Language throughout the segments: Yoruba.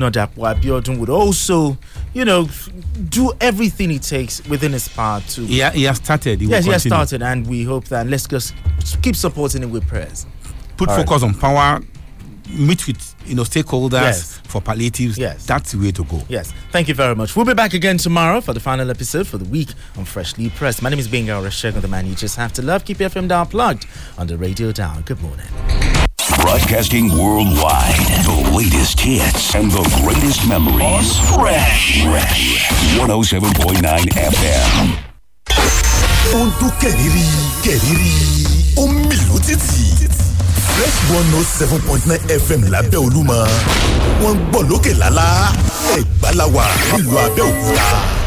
Not that Abiodun would also, you know, do everything he takes within his power to. Yeah, he has started. He yes, he has started, and we hope that. Let's just keep supporting him with prayers. Put All focus right. on power. Meet with you know stakeholders yes. for palliatives. Yes, that's the way to go. Yes, thank you very much. We'll be back again tomorrow for the final episode for the week on Freshly Pressed. My name is Benga Reshegun, the man you just have to love. Keep your FM dial plugged on the radio dial. Good morning broadcasting worldwide. The latest hits and the greatest memories. Fresh. Fresh. 107.9 FM. Ohun tó kẹ̀rìírí kẹ̀rìírí ó Fresh one oh seven point nine FM lábẹ́ Olúmọ. Wọ́n ń gbọ́ lókè lálá. Ẹ̀gbá la wà nílùú Abẹ́òkúta.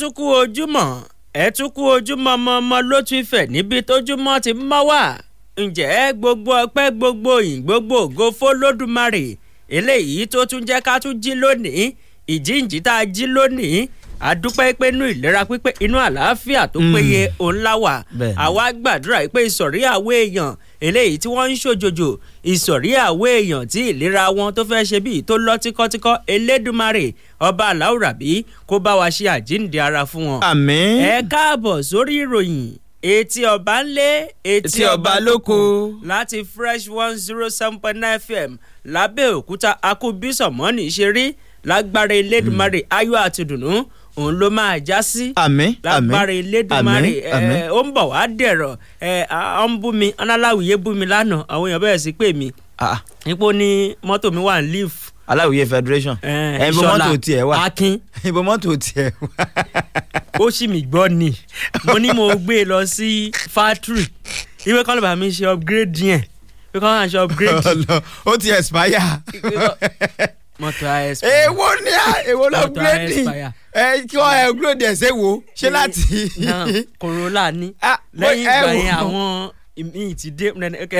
tún kú ojúmọ́ ẹ tún kú ojúmọ́ mọ́mọ́ ló tún fẹ̀ níbi tójúmọ́ ti mọ́ wà ǹjẹ́ gbogbo ọpẹ́ gbogbo ìyìn gbogbo ògo f'Olódùmarè eléyìí tó tún jẹ́ ká tún jí lónìí ìjíǹjí tá a jí lónìí àdúpẹ́ pé inú ìlera pípé inú àlàáfíà tó mm. péye òun la àwa gbàdúrà pé ìsọ̀rí àwọn èèyàn eléyìí tí wọ́n ń ṣòjòjò ìsọ̀rí àwọ̀ èèyàn tí ìlera wọn tó fẹ́ ṣe bíi tó lọ tíkọ́tíkọ́ elédùmarè ọba aláwùrábí kó bá wa ṣe àjíǹde ara fún wọn. àmín. ẹ káàbọ̀ sórí ìròyìn etí ọba ńlé etí ọba lóko láti fresh one zero seven point nine fm lábẹ́òkúta akú bísọ̀mọ́nì ṣe rí lágbára elédùmarè ayọ̀ àtìdùnnú òun ló máa já sí. àmín àmín lágbára elédùnmarè ẹ ó ń bọ̀ wá dẹ̀rọ̀ ẹ ọ ń bú mi ọ̀nàláwìyé bú mi lánàá àwọn èèyàn bẹ̀rẹ̀ sí pè mí. ipò ni mọ́tò mi wà ní leaf aláwìyé federation ìbò mọ́tò tiẹ̀ wà akin ìbò mọ́tò tiẹ̀ wà. ó sì mí gbọ́ ni mo ní mo gbé e lọ sí factory ìwé kan lọ́ba mi ṣe upgrade yẹn ìwé kan lọ́ba mi ṣe upgrade. ó ti expire mọ́tò aẹ́spáyà. èwo ni a èwo lọ gírèdì ẹ kí wọ́n ẹ gírèdì ẹ̀ ṣe wo ṣé láti. kòrólà ni ah, lẹ́yìn ìgbà yẹn àwọn ìmíì ti dé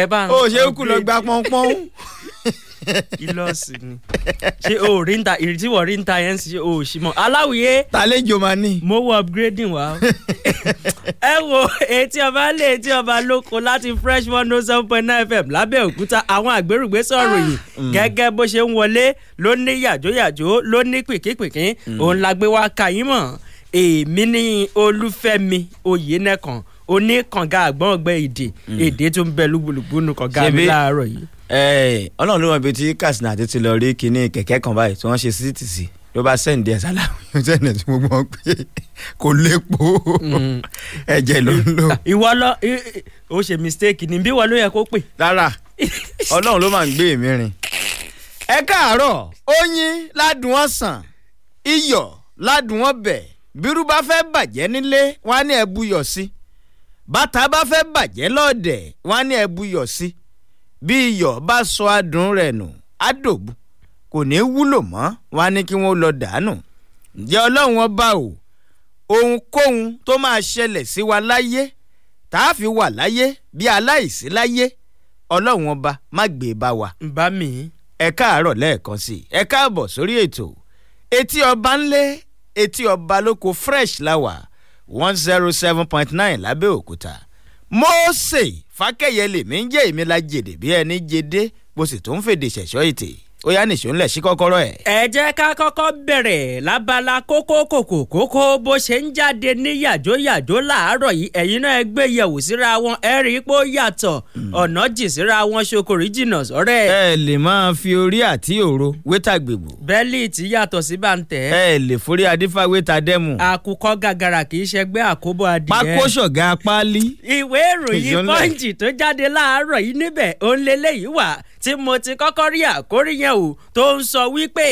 ẹ bá ń. o ṣe é kú lọ gba pọ́npọ́n. kílọ̀sì ni ṣé o rí ń ta ìrètí wọ̀ rí ń ta yẹn ṣe o ṣì mọ̀ aláwìyé. tàlejò máa mo wọ upgrading wa. ẹ wo etí ọba lé etí ọba lóko láti fresh one oh seven point nine fm lábẹ́òkúta àwọn àgbérùgbésọ̀ ròyìn mm. mm. gẹ́gẹ́ bó ṣe ń wọlé ló ní yàjóyàjó ló ní pìkínpìkín mm. òun la gbé wá kàyín mọ̀ èmi ní olúfẹ́mi oyènẹ́kan oníkànga àgbọ̀ngbẹ̀ èdè èdè tó ń bẹ lúgbùlùgbùnú kànga mi láàárọ̀ yìí. Eh, ọlọ́run ló mọ̀ ibi tí Katsina àti ti lọ rí kinní kẹ̀kẹ́ kan báyìí tí wọ́n ṣe síìtì sí ló bá sẹ́ǹdì ẹ̀ sálà sẹ́ǹdì tí gbogbo wọn pé kò lépo hmm. ẹ̀jẹ̀ ló ń lò. ìwọ lọ o ṣe mistake ni bí wọn ló yẹ kó pè. rárá ọlọ́run ló máa ń gbé èmi rìn. ẹ káàárọ̀ oyin ládùn ọ̀sán iyọ̀ ládùn ọbẹ̀ bírú bá fẹ́ bàjẹ́ nílé wọn á ní ẹ buyọ̀ sí bàtà bá fẹ́ bàjẹ́ lọ́ọ̀dẹ̀ wọn á ní ẹ buyọ̀ sí bí iyọ̀ bá sọ adùn rẹ̀ nù ádòbù kò ní wúlò mọ́ wá ní kí wọ́n lọ dànù ǹjẹ́ ọlọ́run ọba o ohunkóhun tó máa ṣẹlẹ̀ sí wa láyé tá a fi wà láyé bí aláìsí láyé ọlọ́run ọba má gbé e bá wa. bá mi. ẹ káàárọ̀ lẹ́ẹ̀kan sí i ẹ káàbọ̀ sórí ètò etí ọba ńlé etí ọba lóko fresh láwà one zero seven point nine lábẹ́òkúta Mósè Fákẹ́yẹ lèmi ń jẹ́ èmi la jèdè bí ẹni jẹdé mo sì tún fèdè ṣẹ̀ṣọ́ ètè ó yá nìṣó ńlẹ̀ sí kọ́kọ́rọ́ ẹ̀. ẹ jẹ́ ká kọ́kọ́ bẹ̀rẹ̀ lábala kókó kòkò kókó bó ṣe ń jáde ní yàjóyàjó làárọ̀ yìí ẹ̀yin náà ẹ gbé yẹ̀wò síra wọn ẹ rí i pé ó yàtọ̀ hmm. ọ̀nà jì síra wọn ṣokòrí jìnnà sọ́rẹ́. ẹ lè máa fi orí àti òro wétà gbègbò. bẹ́ẹ̀lì tí yàtọ̀ sí bá ń tẹ̀. ẹ lè forí adífá wétà dẹ́mu. àkùkọ gàgàrà kì í ṣẹgbẹ́ àkóbọ̀ adìẹ. pákóṣọ̀gá pálí. ìwé ìròyìn pọ́ǹjì tí mo ti kọ́kọ́ rí àkórí yẹn o tó ń sọ wípé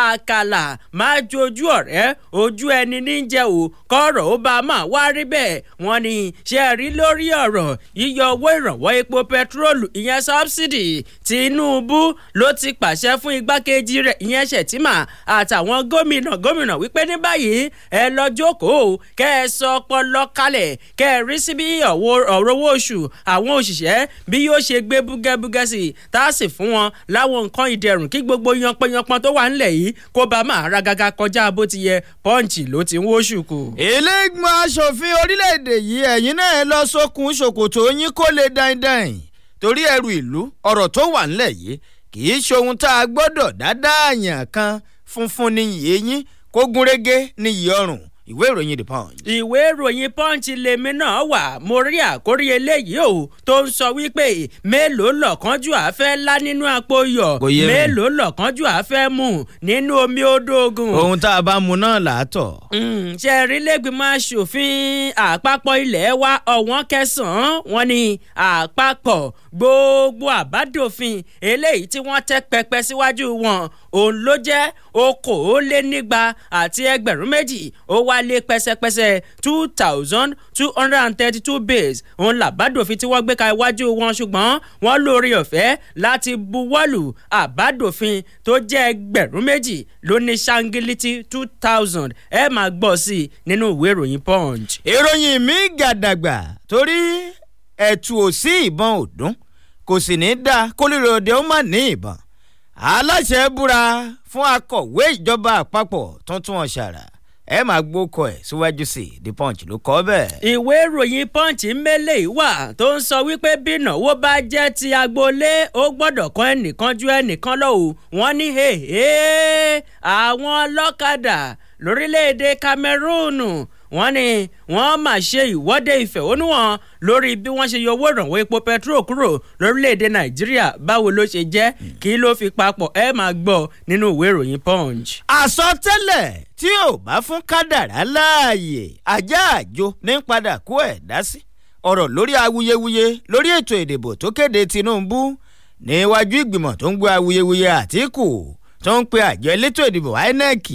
àkàlà máa ju ojú ọ̀rẹ́ ojú ẹni níjẹ o kọ́rọ̀ ó bá máa wá rí bẹ́ẹ̀ wọ́n ní ṣe rí lórí ọ̀rọ̀ yíyọ owó ìrànwọ́ epo pẹtiróòlù ìyẹn sọ́bsidì Tinubu ló ti pàṣẹ fún igbákejì rẹ̀ ìyẹn Ṣètìmà àtàwọn gómìnà gómìnà wípé ní báyìí ẹ lọ jókòó kẹ́ ẹ sọ ọpọlọ kalẹ̀ kẹ́ ẹ rí sí bí ọ̀rọ̀ owó oṣù àwọn òṣìṣẹ́ bí yóò ṣe gbé búgẹ́búgẹ́ sí i tá á sì fún wọn láwọn nǹkan ìdẹ̀rùn kí gbogbo yanpanyanpan tó wà ńlẹ̀ yìí kó bá máa ragaga kọjá bó ti yẹ pọ́ǹchì ló ti ń wóṣù kù. ìlẹ́gbọ̀n aṣòfin orílẹ̀-èdè yìí ẹ̀yin náà lọ sókun ṣòkòtò yín kó lè dáindáin torí ẹrù ìlú ọ̀rọ̀ tó wà ńlẹ̀ yìí kì í ṣohun tá a gbọ́dọ̀ dáadáa yàn kan funfun ni yìí yín kó ni yìí ọrùn ìwé ìròyìn the punch. ìwé ìròyìn punch lèmi náà wà mo rí àkórí eléyìí o tó ń sọ wípé mélòó lọ̀kánjú àfẹ́ lá nínú àpò yọ̀ mélòó lọ̀kánjú àfẹ́ mu nínú omi odóògùn. ohun tá a bá mu náà là á tọ̀. Hmm, ṣe rí lẹ́gbìmọ̀ aṣòfin àpapọ̀ ilé wa ọ̀wọ́n kẹsàn-án wọn ni àpapọ̀ gbogbo àbádòfin eléyìí tí wọ́n tẹ́ pẹpẹ síwájú wọn òun ló jẹ́ okòólénígba àti ẹgbẹ̀rún méjì ó wá lé pẹ́sẹ́pẹ́sẹ́ two thousand two hundred and thirty two base òun làbádòfin tí wọ́n gbé ka iwájú wọn ṣùgbọ́n wọ́n lórí ọ̀fẹ́ láti buwọ́lù àbádòfin tó jẹ́ ẹgbẹ̀rún méjì ló ní ṣáńgílítì two thousand ẹ máa gbọ́ sí i nínú ìwé ìròyìn punch. ìròyìn mi gàdàgbà torí ẹ̀tù ò sí ìbọn òdún kò sì ní í dáa kólíròdé ó má ní ìbọn aláṣẹ búra fún akọ̀wé ìjọba àpapọ̀ tuntun ọ̀ṣàrà ẹ máa gbókọ ẹ síwájú sí i the punch ló kọ bẹ́ẹ̀. ìwé ìròyìn punch mẹ́lẹ̀ wà tó ń sọ wípé bí ìnáwó bá jẹ́ ti agboolé ó gbọ́dọ̀ kan ẹnìkan ju ẹnìkan lọ o wọ́n ní àwọn ọlọ́kadà lórílẹ̀‐èdè Cameroon wọ́n ní wọ́n máa ṣe ìwọ́de ìfẹ̀hónúhàn lórí bí wọ́n ṣe yọ owó ìrànwọ́ epo petro kúrò lórílẹ̀‐èdè nàìjíríà báwo ló ṣe jẹ́ hmm. kí ló fi papọ̀ ẹ máa gbọ́ nínú ìwé ìròyìn punch. àsọtẹ́lẹ̀ tí ò bá fún kádàrá láàyè ajá àjò ní padà kó ẹ̀ dá sí ọ̀rọ̀ lórí awuyewuye lórí ètò ìdìbò tó kéde tinubu níwájú ìgbìmọ̀ tó ń gbé awuyewuye àtìkù tó ń pe àjọ elétò ìdìbò inec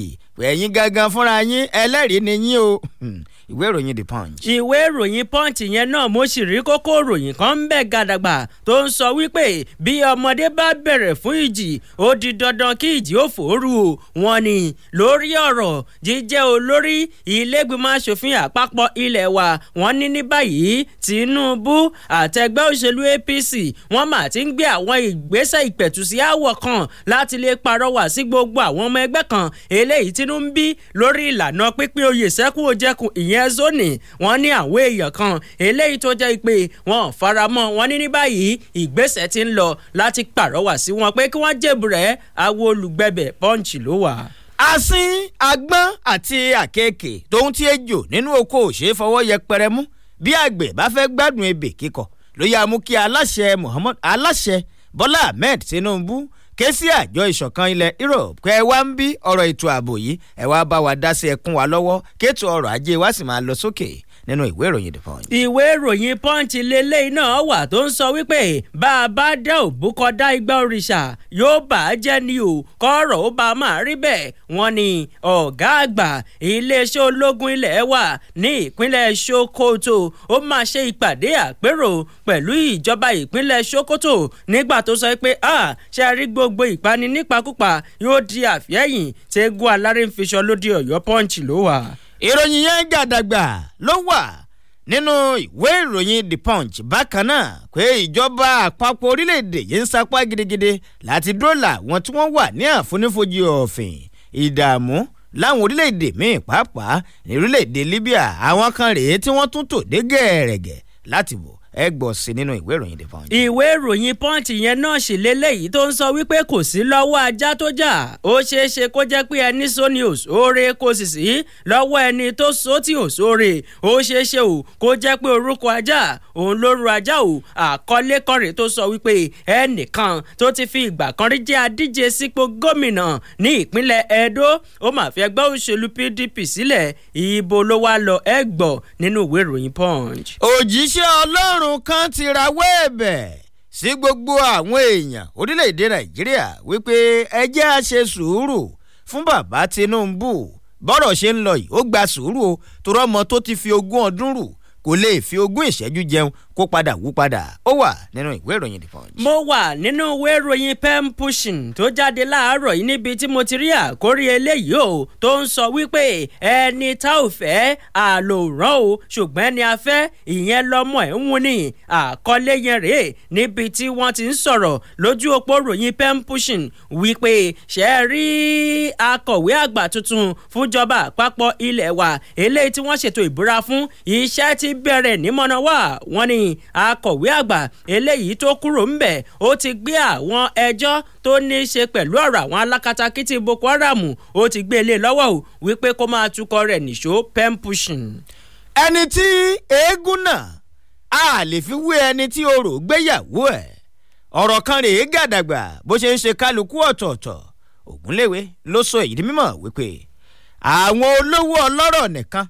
ẹ̀yin gangan fúnra yín ẹlẹ́rìí ni yín o hmm ìwé ìròyìn the punch. ìwé ìròyìn punch yẹn náà mo sì rí kókó ìròyìn kan ń bẹ gàdàgbà tó ń sọ wípé bí ọmọdé bá bẹ̀rẹ̀ fún ìjì ó di dandan kí ìjì ó fòórù wọn ni lórí ọ̀rọ̀ jíjẹ́ olórí ilégbìmọ̀ asòfin àpapọ̀ ilé wa wọ́n ní ní báyìí Tinubu àtẹgbẹ́ òṣèlú APC wọ́n mà ti ń gbé àwọn ìgbésẹ̀ ìpẹ̀tùsí àwọ̀ kan láti lè parọ́wà sí gbogbo àwọn ọmọ ẹgbẹ́ kan eléyìí tínú lórí ìlànà pínpín oyè sẹ́kù òjẹkùn ìyẹn ìyẹn zoni wọ́n ní àwọn èèyàn kan eléyìí tó jẹ́ pé wọ́n faramọ́ wọ́n ní ní báyìí ìgbésẹ̀ ti ń lọ láti pàrọwà sí wọn pé kí wọ́n jèbùrẹ́ awo olùgbẹ̀bẹ̀ pọ́ǹchì ló wà asín agbọ́n àti àkekèé tóun ti ejò nínú oko òṣè fọwọ́ yẹpẹrẹ mú bí àgbẹ̀ bá fẹ́ gbádùn ebè kíkọ ló yá mú kí aláṣẹ Muhammad aláṣẹ Bọ́lá Ahmed Tinubu ké sí àjọ ìṣọ̀kan ilẹ̀ Europe kẹ́ ẹ wá ń bí ọ̀rọ̀ ètò ààbò yìí ẹ wá bá wa dá sí ẹkún wa lọ́wọ́ kéètò ọrọ̀ ajé wa sì máa lọ sókè nínú ìwé ìròyìn the punch. ìwé ìròyìn punch lélẹ́yìn náà wà tó ń sọ wípé bá a bá dá òbú kọdá igbá òrìṣà yóò bà á jẹ́ ni o kọ́rọ̀ ó bá a máa rí bẹ́ẹ̀ wọ́n ní ọ̀gá àgbà iléeṣẹ́ ológun ilẹ̀ wa ní ìpínlẹ̀ sokoto ó máa ṣe ìpàdé àpérò pẹ̀lú ìjọba ìpínlẹ̀ sokoto nígbà tó sọ pé a ṣe rí gbogbo ìpani nípakúpa yóò di àfẹ́yìn tẹ́gùn alárinfiṣọ́ lóde ọ̀yọ́ punch ló wà ìròyìn yẹn gàdàgbà ló wà nínú ìwé ìròyìn the punch bákan náà pé ìjọba àpapọ̀ orílẹ̀-èdè yìí ń sapá gidigidi láti dóòlà wọn tí wọ́n wà ní àfonífojì ọ̀fìn ìdààmú láwọn orílẹ̀-èdè míì pàápàá ní orílẹ̀-èdè libya àwọn kan rèé tí wọ́n tún tò dé gẹ̀ẹ́rẹ̀gẹ̀ láti wò ẹ gbọ́ sí nínú ìwé ìròyìn the punch. ìwé ìròyìn punch yẹn náà sì lélẹ́yìí tó ń sọ wípé kò sí lọ́wọ́ ajá tó jà ó ṣeé ṣe kó jẹ́ pé ẹni sọ ni òṣòre kò sì sí lọ́wọ́ ẹni tó sọ tí òṣòre ó ṣeé ṣe o kó jẹ́ pé orúkọ ajá òun ló ru ajá o àkọlé kọrin tó sọ wípé ẹnìkan tó ti fi ìgbà kan rí jẹ́ adíje sípò gómìnà ní ìpínlẹ̀ Edo ó mà fi ẹgbẹ́ òṣèlú PDP sílẹ̀ ibo ló wá lọ ẹ gbọ́ nínú ìwé ìròyìn punch. òjíṣẹ́ ọlọ́run ọlọ́run kan ti rawọ́ ẹ̀bẹ̀ sí gbogbo àwọn èèyàn orílẹ̀-èdè nàìjíríà wípé ẹ jẹ́ á ṣe sùúrù fún bàbá tinubu bọ́rọ̀ ṣe ń lọ yìí ó gba sùúrù o torọ́ tó ti fi ogún ọdún rù kò lè fi ogún ìṣẹ́jú jẹun kó padà wú padà ó wà nínú ìwé ìròyìn the punch. mo wà nínú ìwé ìròyìn pen pushing tó jáde láàárọ̀ yìí níbi tí mo ti rí àkórí eléyìí o tó ń sọ wípé ẹni tá ò fẹ́ àlòrán o ṣùgbọ́n ẹni a fẹ́ ìyẹn lọ́mọ ẹ̀ ń wuni àkọlé yẹn rèé níbi tí wọ́n ti ń sọ̀rọ̀ lójú òpó ròyìn pen pushing wípé ṣe é rí akọ̀wé àgbà tuntun fúnjọba àpapọ̀ ilé wa eléyìí tí wọ́n ṣètò ìbúra fún iṣẹ́ ti bẹ̀rẹ̀ nímọ̀nà wà wọ́n ní Adédìyìn akọ̀wé àgbà eléyìí tó kúrò ńbẹ̀ ó ti gbé àwọn ẹjọ́ tó ní í ṣe pẹ̀lú ọ̀rọ̀ àwọn alákatakítí Boko Haram ó ti gbé ilé e lọ́wọ́ o wípé kó máa tukọ̀ rẹ̀ nìṣó pen ẹni tí eégún náà a lè fi wé ẹni tí orò gbéyàwó ẹ̀ ọ̀rọ̀ kan rèé gàdàgbà bó ṣe ń ṣe kálukú ọ̀tọ̀ọ̀tọ̀ Ògúnléwé ló sọ èyí di wípé àwọn olówó ọlọ́rọ̀ nìkan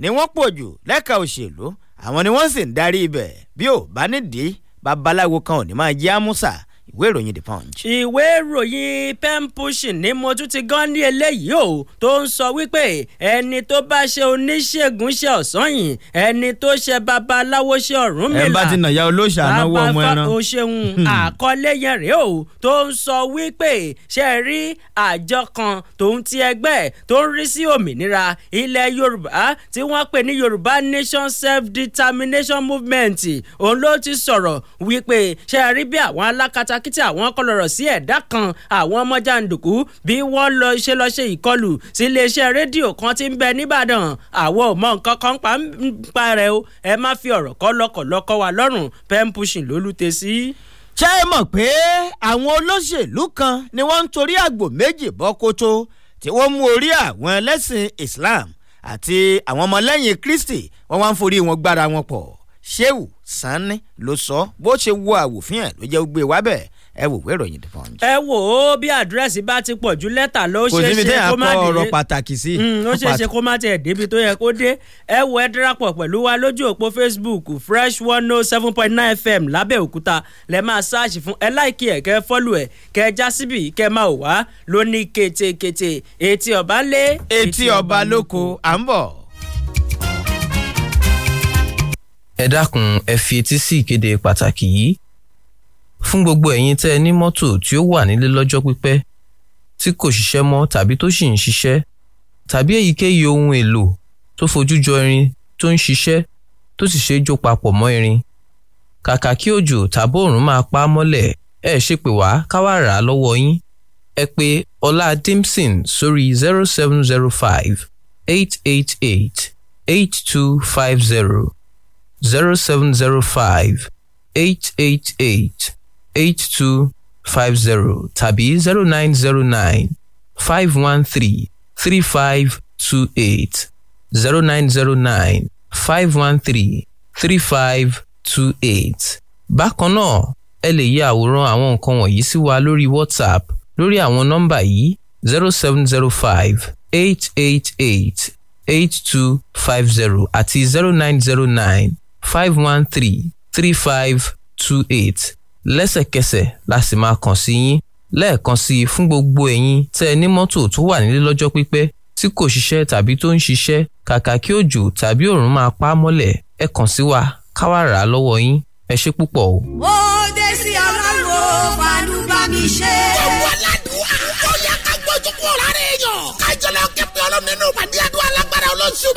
ni wọ́n pọ̀ jù lẹ́ka òṣèlú àwọn ni wọ́n sì ń darí ibẹ̀ bí ò bá nídìí babaláwo kan ò ní máa jẹ́ àmúsà ìwé ìròyìn the punch. ìwé ìròyìn pen pushing ni mo tún ti gan ní eléyìí o tó ń sọ wípé ẹni tó bá ṣe oníṣègùn ṣe ọ̀sán yìí ẹni tó ṣe babaláwo ṣe ọ̀rún mi là. ẹ bá ti nàyà olóṣà náwó ọmọ ẹran. o ṣeun hmm. àkọlé yẹn rèé o tó ń sọ wípé ṣe rí àjọ kan tó ń ti ẹgbẹ́ tó ń rí sí òmìnira ilẹ̀ yorùbá tí wọ́n pè ní yorùbá nation self determination movement òun ló ti sọ̀rọ̀ wípé ṣe rí bí àwọn alákatakí lákìtì àwọn kọlọ̀rọ̀ sí ẹ̀dá kan àwọn ọmọ jàǹdùkú bí wọ́n lọ ṣe lọ ṣe ìkọlù sí iléeṣẹ́ rédíò kan tí ń bẹ nìbàdàn àwọn ò mọ nǹkan kan pa ń pa rẹ o ẹ má fi ọ̀rọ̀ kọ́ lọ́kọ̀lọ́kọ́ wa lọ́rùn pemphucin lólùtẹ̀ sí ṣé ẹ mọ̀ pé àwọn olóṣèlú kan ni wọ́n ń torí àgbò méjì bọ́ kótó tí wọ́n mú orí àwọn ẹlẹ́sìn Islam àti àwọn ọmọlẹ́yìn Kristi wọ́n wá ń forí wọn gbára wọn pọ̀ Shehu Sani ló sọ bó ṣe wo àwòfín ẹ̀ ló jẹ́ gbé e wábẹ̀ ẹ wò wé ìròyìn the punch. ẹ wò ó bí àdírẹ́sì bá ti pọ̀ ju lẹ́tà lọ ó ṣeé ṣe kó má dé kò síbi tẹ́ àkọ ọ̀rọ̀ pàtàkì sí. Mm, ó ṣeé ṣe kó má tẹ̀ débi tó yẹ kó dé ẹ wò ẹ darapọ̀ pẹ̀lú wa lójú òpó facebook fresh one oh seven point nine fm lábẹ́òkúta lẹ́ máa ṣáàṣì fún ẹ láìkí ẹ̀ kẹ́ fọ́lù ẹ̀ kẹ́ já síbì kẹ́ máa wá lóní ketekete etí ọba lé etí ọba lóko à ń bọ̀ ẹ dákun ẹ fi etí sí ìkéde pàtàkì yìí fún gbogbo ẹ̀yin tẹ́ ẹ ní mọ́tò tí ó wà nílé lọ́jọ́ pípẹ́ tí kò ṣiṣẹ́ mọ́ tàbí tó sì ń ṣiṣẹ́ tàbí èyíkéyìí ohun èlò tó fojú jọ irin tó ń ṣiṣẹ́ tó sì ṣe é jó papọ̀ mọ́ irin kàkà kí òjò tàbí òòrùn máa pa á mọ́lẹ̀ ẹ ṣe pé wá ká wá rà á lọ́wọ́ yín ẹ pè ọlá dimson sórí zero seven zero five eight eight eight eight two five zero zero seven zero five eight eight eight eight two five zero tàbí zero nine zero nine five one three three five two eight zero nine zero nine five one three three five two eight. bákan náà ẹ lè ya àwòrán àwọn nǹkan wọ̀nyí sí wa lórí WhatsApp lórí àwọn nọ́mbà yìí zero seven zero five eight eight eight eight two five zero àti zero nine zero nine five one three three five two eight lẹ́sẹ̀kẹsẹ̀ la sì máa kàn sí yín lẹ́ẹ̀kan sí i fún gbogbo ẹ̀yin tẹ́ ẹ ní mọ́tò tó wà nílé lọ́jọ́ pípẹ́ tí kò ṣiṣẹ́ tàbí tó ń ṣiṣẹ́ kàkà kí òjò tàbí òòrùn máa pa á mọ́lẹ̀ ẹ kàn sí wa ká wá rà á lọ́wọ́ yín ẹ ṣé púpọ̀ o. ó dé sí ọlọ́run ó bá mi ṣe. ọwọ́ aládùúgbò ó yẹ ká gbójú kúrò lára èèyàn ká jọlọ kí pé ọlọ́run nínú àdúrà alágbára olóṣù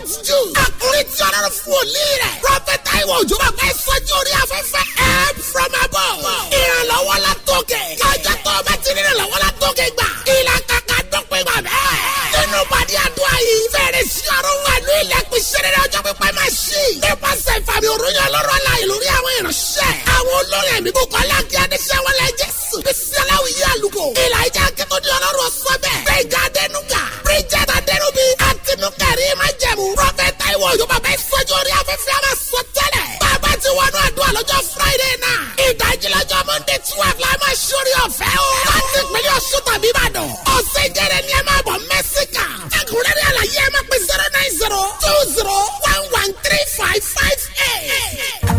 Mount Jew. Àkùnrin tí ọlọ́run fún òní rẹ̀. Prọfẹ̀t Táíwò Òjò bàbá ẹ̀ sọ́jú orí afẹ́fẹ́. Help from above. Ìrànlọ́wọ́ la tókè. Kájà tó o bá ti rí ìrànlọ́wọ́ la tókè gbà. Ìlà kàkà dọ́pẹ́ gbà bẹ́ẹ̀. Nínú pàdé àdúrà yìí. Fẹ̀rẹ̀ sí ọ̀run wà ní ilẹ̀kùn ìṣeré ọjọ́ pípẹ́ máa ṣí. Nípasẹ̀ ìfàmì òrùnyàn ọlọ́run aláì lórí àwọn ìránṣẹ́. Àwọn olórin ẹ̀mí kò kọ́ láǹkì Adéṣẹ́wọlé Jésù. Bísí aláwìyí àlùkò. Ìlà ìjà akẹ́kọ̀ọ́ ní ọlọ́run ọ̀sán bẹ́ẹ̀. Bẹ́ẹ̀ gàdẹ́nuga. Bíríj pẹ̀lú kẹ̀rí májẹ̀mú. prọfẹ̀t Táíwò Òjó bàbá ìsọjú orí afẹ́fẹ́ a sọ tẹ́lẹ̀. bàbá ti wọnú àdúrà lọ́jọ́ Friday náà. ìdájí lọ́jọ́ Monday twelve la máa ṣorí ọ̀fẹ́ o. láti ìpínlẹ̀ Ọ̀ṣun tàbí Ìbàdàn. ọ̀sẹ̀ jẹrẹ ni ẹ máa bọ̀ Mẹ́síkà. ẹkùnrẹ́rẹ́ àlàyé ẹ máa pè zero nine zero two zero one one three five five eight.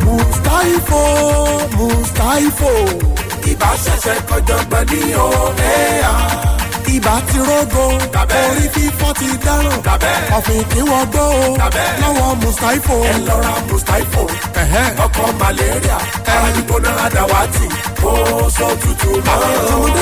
Mustaifo Mustaifo ìbáṣẹ̀ṣẹ̀ kọjọ́gbọ́n ní OAR ibà ti rógo orí fífọ́ ti dáràn ọ̀fìn kí wọ́n gbó o lọ́wọ́ mùsáífò. ẹ lọ ra mùsáífò ọkọ̀ malaria ara ní kóná àdáwátì ó sọ tutù náà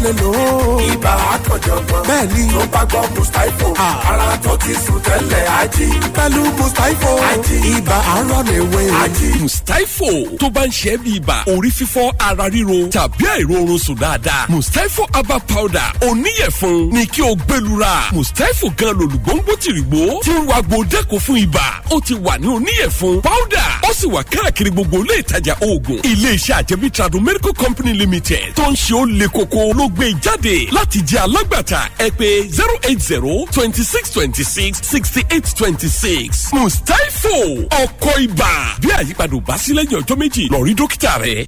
lè lò ó. ibà àtọ̀jọ̀gbọ́n. bẹ́ẹ̀ni. tó bá gbọ́ mustapho. ara tó ti sùn tẹ́lẹ̀ ají. pẹ̀lú mustapho. ají. ibà arọ lè wé. ají. Mustaifo tó bá ń ṣe é bí ibà orí fífọ́ ara ríro tàbí àìróorun sùn dáadáa. mustapho herbal powder oníyẹ̀fun ni kí o gbẹlura. mustapho gan lòlùgbòǹgbò tìrìgbò ti ń wa gbòdẹ́kọ̀ fún ibà. ó ti wà ní oníyẹ̀fun powder ó sì wà káàkiri gbogbo ilé ìtajà oògùn. ilé iṣẹ́ àjẹmí tradu medical company limited tó ń ṣe ó le koko ló gbé jáde láti jẹ́ alágbàtà ẹ pè zero eight zero twenty six twenty six sixty eight twenty six mustapho ọkọ̀ ibà bí àyípadà ò bá sí lẹ́yìn ọjọ́ méjì lọ rí dókítà rẹ.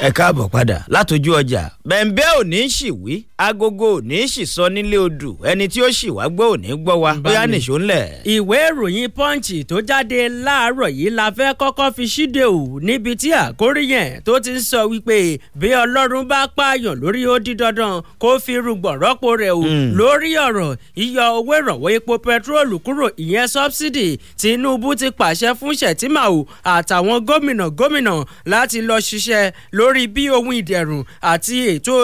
ẹ káàbọ̀ padà látọjú ọjà bẹ̀ǹbẹ́ ò ní ṣì wí agogo ò ní í ṣì sọ nílé odù ẹni tí ó ṣì wá gbọ́ ò ní gbọ́ wa bóyá nìṣó ńlẹ̀. ìwé ìròyìn pọ́ǹchì tó jáde láàárọ̀ yìí la fẹ́ kọ́kọ́ fi ṣíde ò níbi tí àkórí yẹn tó ti ń sọ wípé bí ọlọ́run bá pààyàn lórí ó di dandan kó fi rúgbọ̀n rọ́pò rẹ̀ o hmm. lórí ọ̀rọ̀ yíyọ owó ìrànwọ́ epo pẹtrólù kúrò ìyẹn sọ́bsidì Tinubu ti pàṣẹ fún Ṣètìmá lórí bí ohun ìdẹ̀rùn àti ètò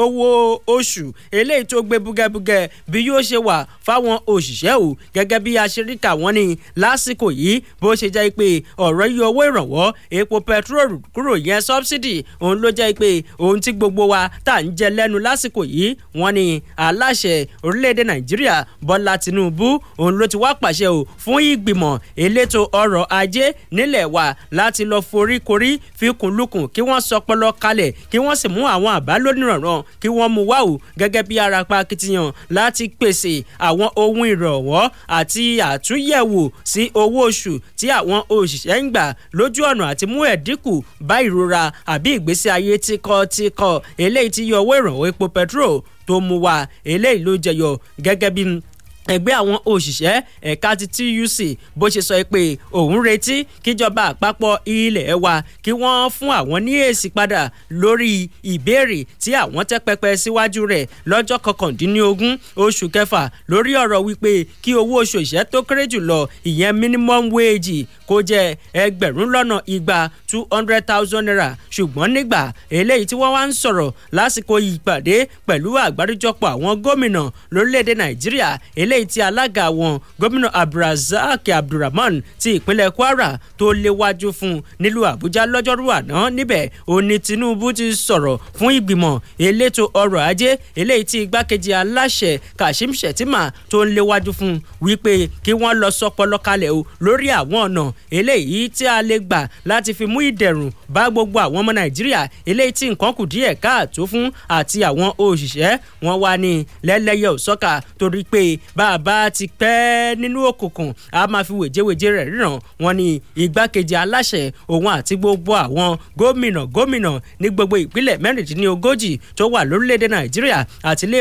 owó oṣù eléyìí tó gbé búgẹ́búgẹ́ bí yóò ṣe wà fáwọn òṣìṣẹ́ o gẹ́gẹ́ bí aṣeríkà wọn ni lásìkò yìí bó ṣe jẹ́ pé ọ̀rọ̀ yí owó ìrànwọ́ epo pẹtrol kúrò yẹn sọ́bsidì òun ló jẹ́ pé òun tí gbogbo wa tà ń jẹ lẹ́nu lásìkò yìí wọn ni aláṣẹ orílẹ̀-èdè nàìjíríà bọ́lá tinubu òun ló ti wá pàṣẹ o fún ìgbìmọ̀ elétò ọrọ̀ ajé nílẹ̀ wa láti lọ foríkorí fikùnlukùn kí wọ́n sọpọlọ kalẹ̀ kí wọ́n sì mú àwọn àbá kí wọ́n mú wá o gẹ́gẹ́ bí arapa akitiyan láti pèsè àwọn ohun ìrànwọ́ àti àtúnyẹ̀wò sí owó oṣù tí àwọn òṣìṣẹ́ ń gbà lójú ọ̀nà àti mú ẹ̀dínkù bá ìrora àbí ìgbésí ayé tíkọ́tíkọ́ eléyìí ti yọ owó ìrànwọ́ epo pẹtrol tó mú wá eléyìí ló jẹyọ gẹ́gẹ́ bí ẹgbẹ́ àwọn òṣìṣẹ́ ẹ̀ka ti TUC bó ṣe sọ pé òun retí kíjọba àpapọ̀ ilé wa kí wọ́n fún àwọn ní èsì padà lórí ìbéèrè tí àwọn tẹ́ pẹpẹ síwájú rẹ̀ lọ́jọ́ kọkàndínlógún oṣù kẹfà lórí ọ̀rọ̀ wípé kí owó oṣù òṣìṣẹ́ tó kéré jùlọ ìyẹn minimum wage kó jẹ́ ẹgbẹ̀rún lọ́nà igba two hundred thousand naira ṣùgbọ́n nígbà eléyìí tí wọ́n wá ń sọ̀rọ̀ lásìkò ìpàdé pẹ̀lú àgbáríjọpọ̀ àwọn gómìnà lórílẹ̀‐èdè Nàìjíríà eléyìí tí alága àwọn gómìnà abdulrasaq abdulrahman ti ìpínlẹ̀ kwara tó léwájú fún nílùú àbújá lọ́jọ́rú àná níbẹ̀ òní tinubu ti sọ̀rọ̀ fún ìgbìmọ̀ elétò ọrọ̀ ajé eléyìí tí igbákejì aláṣẹ kashim shettima tó ń léwájú fún wípé kí wọ́n lọ sọpọlọ kalẹ̀ o lórí àwọn ọ̀nà eléyìí tí a lè gbà láti fi mú ìdẹ̀rùn bá gbogbo àwọn ọmọ nàìjíríà eléyìí tí nǹkan kù díẹ̀ káàtó fún àti àwọn òṣìṣẹ́ wọn wá ní lẹ́lẹ́yẹ̀ òsọ́kà torí pé b bàbá ti pẹ́ nínú òkùnkùn a máa fi wèjewèje rẹ̀ ríran wọn ni igbákejì aláṣẹ òun àti gbogbo àwọn gómìnà gómìnà ní gbogbo ìpínlẹ̀ mẹ́rìndínlógójì tó wà lórílẹ̀‐èdè nàìjíríà àti ilé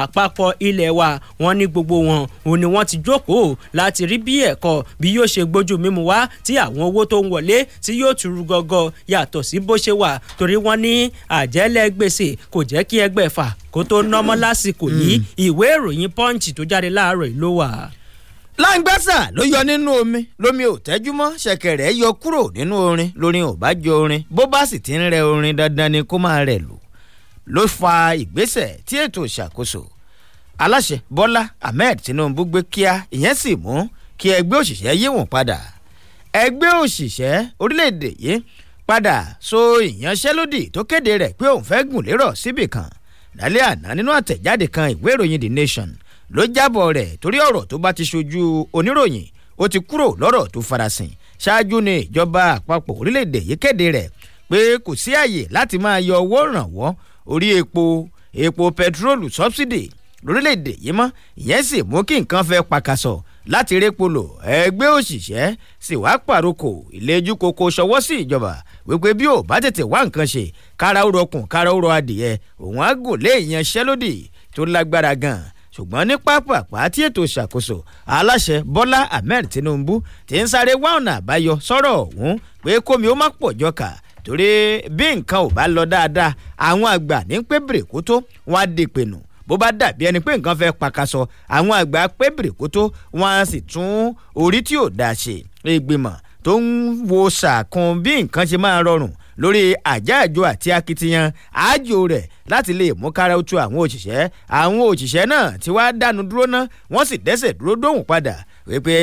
àpapọ̀ ilẹ̀ wa wọn ní gbogbo wọn òun ni wọ́n ti jókòó láti rí bí ẹ̀kọ́ bí yóò ṣe gbójú mímu wá tí àwọn owó tó ń wọlé tí yóò turu gọgọ yàtọ̀ sí bó ṣe wà torí wọ́n ní àjẹ́lẹ̀ gbèsè kò jẹ́ kí ẹgbẹ́ fà kó tó nọ́mọ́ lásìkò yìí mm. ìwé ìròyìn punch rìpọ́ọ̀tì tó jáde láàárọ̀ yìí ló wà. láǹgbẹ́sà ló yọ nínú omi lómi ò tẹ́júmọ́ ṣẹ̀kẹ̀rẹ̀ yọ kúrò nínú orin lórin ò orin bó bá sì ti ń rẹ orin dandan ni kó máa rẹ̀ lò ló fa ìgbésẹ̀ tí ètò ìṣàkóso aláṣẹ bọ́lá ahmed tinubu gbé kíá ìyẹn sì mú kí ẹgbẹ́ òṣìṣẹ́ yíwọ̀n padà ẹgbẹ́ òṣìṣẹ́ orílẹ̀-èdè yìí padà so ìyanṣẹ́lódì tó kéde rẹ̀ pé òun fẹ́ gùn lérò síbì kan lálẹ́ àná nínú àtẹ̀jáde kan ìwé ìròyìn the nation ló jábọ̀ rẹ̀ torí ọ̀rọ̀ tó bá ti ṣojú oníròyìn ó ti kúrò lọ́rọ̀ tó farasin ṣáájú ni ìjọba àpapọ̀ orílẹ̀-èdè yìí kéde rẹ̀ pé kò sí àyè láti máa yọ owó ìrànwọ́ orí epo epo pẹtiróòlù sọ́bsidì lórílẹ̀-èdè yìí mọ́ ìyẹn sì mú kí nǹkan fẹ́ pakasọ̀ láti répolò ẹgbẹ́ òṣìṣẹ́ sì wá pàrokò ìlẹ́jú koko ṣọwọ́ sí ìjọba wípé bí ò bá tètè wá nǹkan ṣe kára ó rọkùn kára ó rọ adìyẹ òun á gùn lé ìyanṣẹ́lódì tó lágbára gan-an ṣùgbọ́n ní pápápá tí ètò ìṣàkóso aláṣẹ bọ́lá ahmed tinubu ti ń sáré wá ọ̀nà àbáyọ sọ́rọ̀ ọ̀hún pé kómi ó má pọ̀ jọkà torí bí nǹkan ò bá lọ dáadáa àwọn àgbà ní pé bèrèkó tó wọn á dìpè nù bó bá dàbí ẹni pé nǹkan fẹ́ pakasọ àwọn àgbà pé bèrèkó tó wọn á sì tún orí tí ò dáa ṣe ìgbìmọ̀ tó ń wo ṣàkun bí nǹkan ṣe máa rọrùn lórí àjáàjò àti akitiyan àájò rẹ̀ láti lè mú kára ó tu àwọn òṣìṣẹ́ àwọn òṣìṣẹ́ náà ti wá dánu dúró ná wọ́n sì dẹ́sẹ̀ dúró dóhùn padà wípé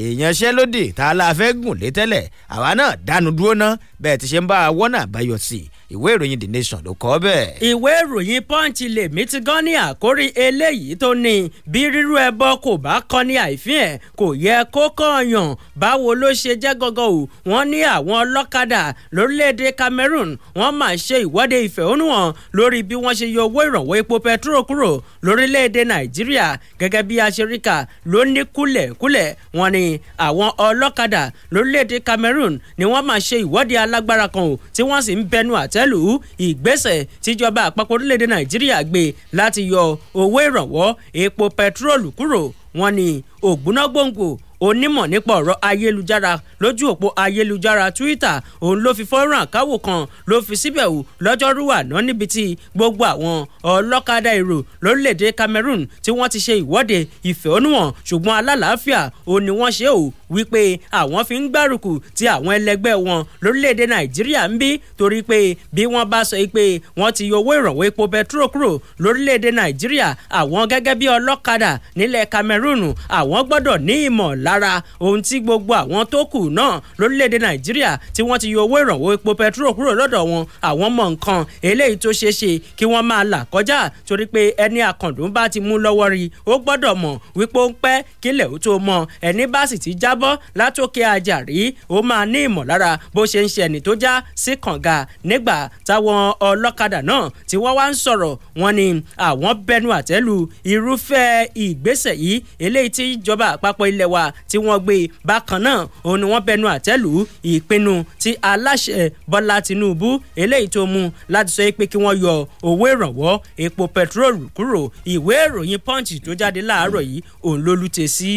ìyanṣẹ́lódì tá a la fẹ́ gùn lé tẹ́lẹ̀ àwa náà dánu dúró ná bẹ́ẹ̀ ti ṣe ń bá a wọ́nà àbáyọ sí i ìwé ìròyìn the nation ló kọ bẹ́ẹ̀. ìwé ìròyìn punch lèmi ti gan ní àkórí eléyìí tó ní bí rírú ẹbọ kò bá kọ ní àìfín ẹ kò yẹ kó kọyàn báwo ló ṣe jẹ́ gọ́gọ́ o wọ́n ní àwọn ọlọ́kadà lórílẹ̀‐èdè Cameroon wọ́n máa ṣe ìwọ́de ìfẹ̀hónúhàn lórí bí wọ́n ṣe yọ owó ìrànwọ́ epo pẹtrol kúrò lórílẹ̀‐èdè Nàìjíríà gẹ́gẹ́ bí aṣeríkà ló ní kúlẹ̀kúlẹ̀ wọ́n ní àwọn ọlọ́kadà lórílẹ̀‐èdè Cameroon ni wọ́n máa ṣe ìwọ́de alágbára kan o tí wọ́n sì ń bẹnu àt pàtẹ́lù ìgbésẹ̀ tíjọba àpapọ̀ orílẹ̀-èdè nàìjíríà gbé láti yọ owó ìrànwọ́ epo pẹtrólù kúrò wọn ni ògbónágbòǹgbò onímọ̀ nípa ọ̀rọ̀ ayélujára lójú òpó ayélujára Twitter òun ló fi fọ́nrán àkáwò kan ló fi síbẹ̀ wò lọ́jọ́rú àná níbi tí gbogbo àwọn ọlọ́kadà èrò lórílẹ̀‐èdè Cameroon tí wọ́n ti ṣe ìwọ́de ìfẹ̀hónúhàn ṣùgbọ́n alálàáfíà òun ni wọ́n ṣe ò wípé àwọn fi ń gbárùkù ti àwọn ẹlẹgbẹ́ wọn lórílẹ̀‐èdè Nàìjíríà ń bí torí pé bí wọ́n bá sọ pé wọ́n ti yọ owó ìrànwọ́ epo bẹtiró kúrò lórílẹ̀‐èdè Nàìjíríà àwọn gẹ́gẹ́ bí ọlọ́kadà nílẹ̀ Cameroon àwọn gbọ́dọ̀ ní ìmọ̀ lára ohun tí gbogbo àwọn tó kù náà lórílẹ̀‐èdè nàìjíríà tí wọ́n ti yọ owó ìrànwọ́ epo pẹtrol kúrò lọ́dọ̀ wọn àwọn mọ̀ nǹkan eléyìí tó ṣeé ṣe kí wọ́n máa là kọjá torí pé ẹni àkàndùn bá ti mú lọ́wọ́ rí ó gbọ́dọ̀ mọ̀ wípé ó ń pẹ́ kílẹ̀ ó tó mọ ẹni bá sì ti jábọ́ látòkè àjàrí ó máa ní ìmọ̀lára bó ṣe ń ṣe ẹni tó já sí kànga nígbà táwọn ọlọ́kadà náà tí wọ́n wá ń sọ̀rọ̀ wọn ni àwọn bẹnu àtẹ́lu irúfẹ́ ìgbésẹ̀ yìí eléyìí tí ìjọba àpapọ̀ ilẹ̀ wa tí wọ́n gbé e. bákan náà òun ni wọ́n bẹnu àtẹ́lù ìpinnu tí aláṣẹ bọ́lá tinubu eléyìí tó mú láti sọ pé kí wọ́n yọ owó ìrànwọ́ epo pẹtrólù kúrò ìwé ìròyìn punch tó jáde láàárọ̀ yìí òun ló lùtẹ sí.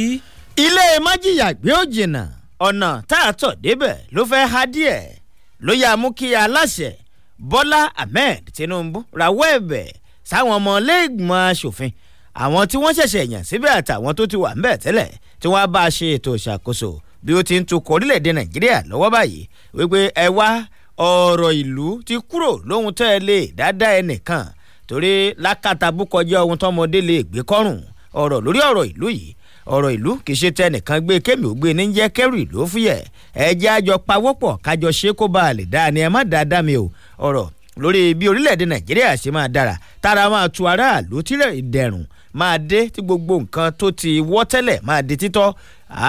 ilé májìyà gbé ò jìnnà ọ̀nà tá a tọ̀ débẹ̀ ló fẹ́ há díẹ̀ ló yá mú kí aláṣẹ bọ́lá ahmed tinubu rawọ́ ẹ̀bẹ̀ sáwọn ọmọ ilé ìgbìmọ̀ àwọn tí wọ́n ṣẹ̀ṣẹ̀ yàn síbẹ̀ àtàwọn tó ti wà ńbẹ̀ tẹ́lẹ̀ tí wọ́n á bá a ṣe ètò ìṣàkóso bí ó ti ń tukọ̀ orílẹ̀-èdè nàìjíríà lọ́wọ́ báyìí wípé ẹ wá ọ̀rọ̀ ìlú ti kúrò lóhun tẹ́ ẹ lè dáadáa ẹnìkan torí lákàtàbù kọjá ohun tọmọdé lè gbé kọ́rùn ọ̀rọ̀ lórí ọ̀rọ̀ ìlú yìí ọ̀rọ̀ ìlú kì í ṣe tẹnìkan gbé kémi ò gbé ní jẹ́ kẹ́rù ìlú fúyẹ̀ ẹ jẹ́ àjọ pawọ́pọ̀ kájọ ṣe kó bá a lè dáa ni ẹ má dáa dá mi o ọ̀rọ̀ lórí bí orílẹ̀-èdè nàìjíríà ṣe máa dára tára máa tu aráàlú tílẹ̀ ìdẹ̀rùn máa dé tí gbogbo nǹkan tó ti wọ́ tẹ́lẹ̀ máa di títọ́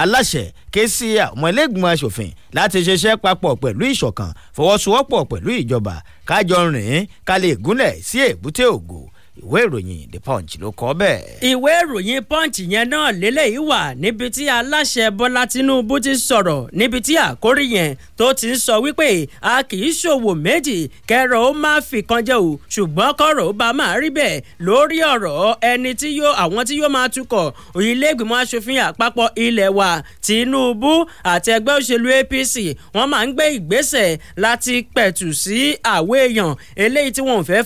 aláṣẹ ké sí àwọn ẹlẹ́gbọ̀n aṣòfin láti ṣiṣẹ́ papọ̀ pẹ̀lú ìṣọ̀kan fọwọ́sowọ́pọ̀ pẹ̀lú ìjọba kájọ rìn ká lè gúnlẹ̀ sí èbúté ògo ìwé ìròyìn the punch ló kọ bẹ́ẹ̀. ìwé ìròyìn punch yẹn náà lélẹ́yìí wà níbi tí aláṣẹ bọ́lá tinubu ti sọ̀rọ̀ níbi tí àkórí yẹn tó ti ń sọ wípé a kì í ṣòwò méjì kẹrọ ó má fi kan jẹ o ṣùgbọ́n kọ̀rọ̀ ó bá máa rí bẹ́ẹ̀ lórí ọ̀rọ̀ ẹni tí yóò àwọn tí yóò máa tukọ̀ ilé ìgbìmọ̀ asòfin àpapọ̀ ilẹ̀ wa tinubu àti ẹgbẹ́ òṣèlú apc wọ́n máa ń gbé ìgbésẹ̀ láti pẹ̀tù sí àwọ̀ èèyàn eléyìí tí wọ́n fẹ́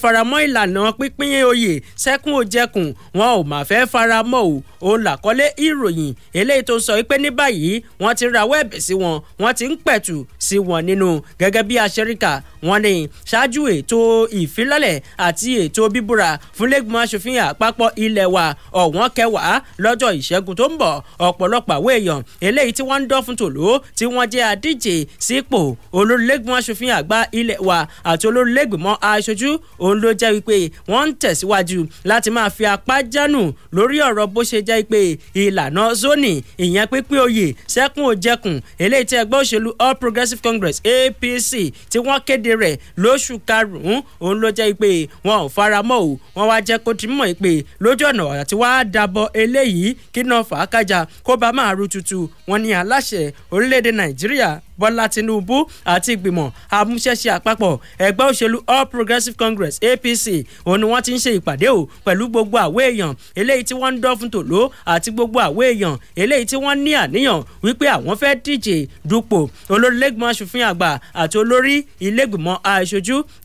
níyè sẹ́kún ò jẹkùn wọn ò mà fẹ́ fara mọ́ o òun làkọ́lé ìròyìn eléyìí tó ń sọ pé ní báyìí wọ́n ti rawọ́ ẹ̀bẹ̀ sí wọn wọ́n ti ń pẹ̀tù sí wọn nínú gẹ́gẹ́ bí aṣeríkà wọn ní ṣáájú ètò ìfilọ́lẹ̀ àti ètò bíbúra fún lẹ́gbọ̀n aṣòfin àpapọ̀ ilẹ̀ wa ọ̀wọ́n kẹwàá lọ́jọ́ ìṣẹ́gun tó ń bọ̀ ọ̀pọ̀lọpọ̀ àwọn èèyàn eléyìí tí wọ́n ń dọ́fun tòló tí wọ́n jẹ́ adíje sípò olórílẹ̀gbọ̀n aṣòfin àgbà ilẹ̀ wa àti olórílẹ̀gbọ̀n aṣojú òun ló jẹ́ wípé wọ́n ń tẹ̀sí tẹ̀síwájú láti máa fi apá jánu lórí ọ̀rọ̀ bó ṣe jẹ́ pé ìlànà zoni ìyẹn pínpín oyè sẹ́kùn òjẹkùn eléyìí tí ẹgbẹ́ òṣèlú all progressives congress apc tí wọ́n kéde rẹ̀ lóṣù karùn-ún òun ló jẹ́ pé wọn ò faramọ́ o wọn wá jẹ́ kó ti mọ̀ pé lójú ọ̀nà àti wàá dabọ̀ eléyìí kí náà fà á kájà kó bá máa ru tutu wọn ni aláṣẹ orílẹ̀-èdè nàìjíríà bọ́lá tinubu àti ìgbìmọ̀ amúṣẹ́ṣe àpapọ̀ ẹgbẹ́ òṣèlú all progressives congress apc òun ni wọ́n ti ń ṣe ìpàdé o pẹ̀lú gbogbo àwọ̀ èèyàn eléyìí tí wọ́n ń dọ́fun tòló àti gbogbo àwọ̀ èèyàn eléyìí tí wọ́n ní àníyàn wípé àwọn fẹ́ díje dupò olórí lẹ́gbọ̀n aṣòfin àgbà àti olórí ilé ìgbìmọ̀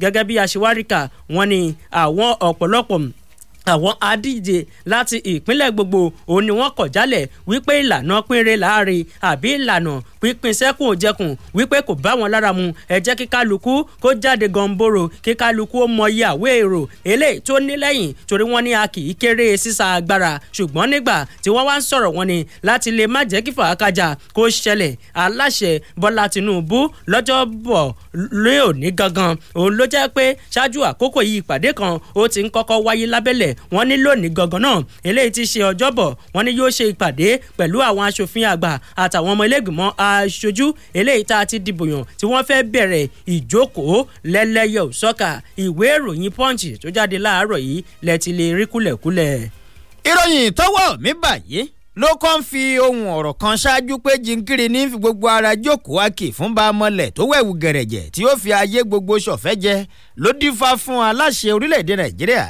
gẹ́gẹ́ bí aṣèwárìkà wọn ni àwọn ọ̀pọ̀lọpọ̀ àwọn adíje láti ìpínlẹ̀ gbogbo òun ni wọ́n kọ̀ jálẹ̀ wípé ìlànà pínrin láàrin àbí ìlànà pínpín sẹ́kùn òjẹkùn wípé kò bá wọn lára mu ẹ jẹ́ kí kálukú kó jáde gọ̀ǹbòrò kí kálukú ó mọ iye àwé èrò eléyìí tó ní lẹ́yìn torí wọ́n ní a kì í kéré sísá agbára ṣùgbọ́n nígbà tí wọ́n wá ń sọ̀rọ̀ wọn ni láti lè má jẹ́ kí fàákàjà kó ṣẹlẹ̀ aláṣẹ Bọ́lá Tinubu lọ́jọ́bọ̀ lé òní gangan òun ló jẹ́ pé ṣáájú àkókò yìí ìpàdé kan ó ti ń kọ́kọ́ wáyé lábẹ́lẹ̀ bẹ́ẹ̀ wọ́n ní lónìí gangan náà eléyìí ti ṣe ọjọ́bọ̀ wọ́n ní yóò ṣe ìpàdé pẹ̀lú àwọn aṣòfin àgbà àtàwọn ọmọ ilégbìmọ̀ aṣojú eléyìí tá a ti dìbò yàn tí wọ́n fẹ́ bẹ̀rẹ̀ ìjókòó lẹ́lẹ́yẹ̀ òsọ́kà ìwé ìròyìn punch tó jáde láàárọ̀ yìí lẹ ti lè rí kúlẹ̀kúlẹ̀. ìròyìn tọwọ́ mi báyìí ló kàn ń fi ohun ọ̀rọ̀ kan ṣáájú pé jingiri ní fi gbogbo ara jókòó àkè fún ba mọ́lẹ̀ tó wẹ̀wù gẹ̀rẹ̀jẹ̀ tí ó fi ayé gbogbo ṣọ̀fẹ́ jẹ ló dífá fún aláṣẹ orílẹ̀-èdè nàìjíríà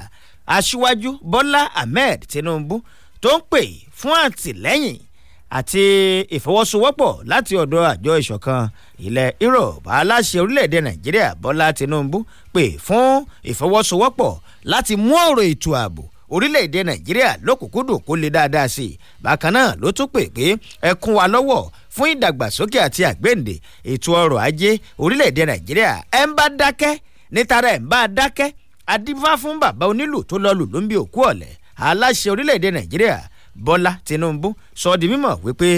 aṣíwájú bọ́lá ahmed tinubu tó ń pè fún àtìlẹ́yìn àti ìfọwọ́sowọ́pọ̀ láti ọ̀dọ̀ àjọ ìṣọ̀kan ilẹ̀ europe aláṣẹ orílẹ̀-èdè nàìjíríà bọ́lá tinubu pè fún ìfọwọ́sowọ́pọ̀ láti mú ọ̀rọ̀ ètò ààbò orílẹ̀-èdè nàìjíríà lókùnkúndùn kó lè dáadáa sí i bákan náà ló tún pè pé ẹkún wa lọ́wọ́ fún ìdàgbàsókè àti àgbéǹde ètò ọrọ̀ ajé orílẹ̀-èdè nàìjíríà ẹ̀ ń bá dákẹ́ nítara ẹ̀ ń bá dákẹ́ adífá fún bàbá onílù tó lọ lù ló ń bí òkú ọ̀lẹ́ aláṣẹ orílẹ̀-èdè nàìjíríà bọ́lá tinubu sọ di mímọ̀ wípé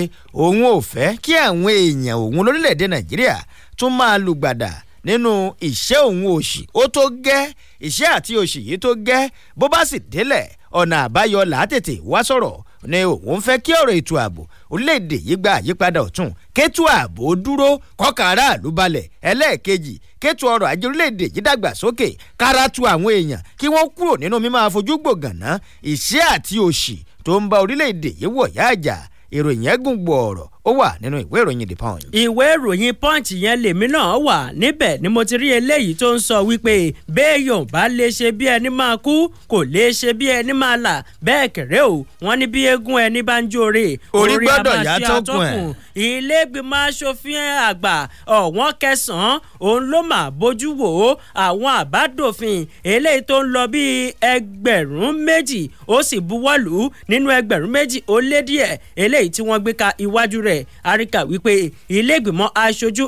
òun ò fẹ́ kí àwọn èèyàn òun lórílẹ̀‐èdè nàìjíríà tún máa lùgbàdà nínú ìṣẹ́ òun òṣì ó tó gẹ́ ìṣẹ́ àti òṣì yìí tó gẹ́ bó bá sì délẹ̀ ọ̀nà àbáyọ là tètè wá sọ̀rọ̀ ní òun fẹ́ kí ọ̀rọ̀ ètò ààbò orílẹ̀-èdè yìí gba àyípadà ọ̀tun kétù ààbò dúró kọ́kà aráàlú balẹ̀ ẹlẹ́ẹ̀kejì kétù ọrọ̀ ajé orílẹ̀-èdè yìí dàgbà sókè káràtú àwọn èèyàn kí wọ́n kúrò nínú mímọ́ afojú gbòǹgànà ìṣẹ́ àti òṣì tó ń ba orílẹ̀-èdè yìí wọ̀ yáàjà ìròyìn ẹ̀gùn gbọ̀ọ̀rọ̀ ó wà nínú ìwé ìròyìn the punch. ìwé ìròyìn punch yẹn lèmi náà wà níbẹ̀ ni mo ti rí eléyìí tó ń sọ wípé béèyàn bá lè ṣe bí ẹni máa kú kò lè ṣe bí ẹni máa là bẹ́ẹ̀ kẹ̀rẹ́ o wọ́n ní bí eégún ẹni bá ń jóore orí gbọ́dọ̀ yá tọ́kùn ẹ̀. ilé ìgbìmọ̀ asòfin àgbà ọ̀wọ́n kẹsàn-án òun ló mà bójú wò ó àwọn àbádòfin eléyìí tó ń lọ bíi ẹgbẹ̀rún méjì ó sì buwọ́lù nínú ẹgbẹ̀rún méjì ó lé díẹ̀ eléyìí tí wọ́n gbé ka iwájú rẹ̀ rẹ̀ aríkà wípé ilé ìgbìmọ̀ aṣojú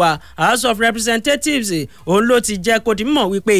wa house of representatives òun ló ti jẹ́ kó di mímọ̀ wípé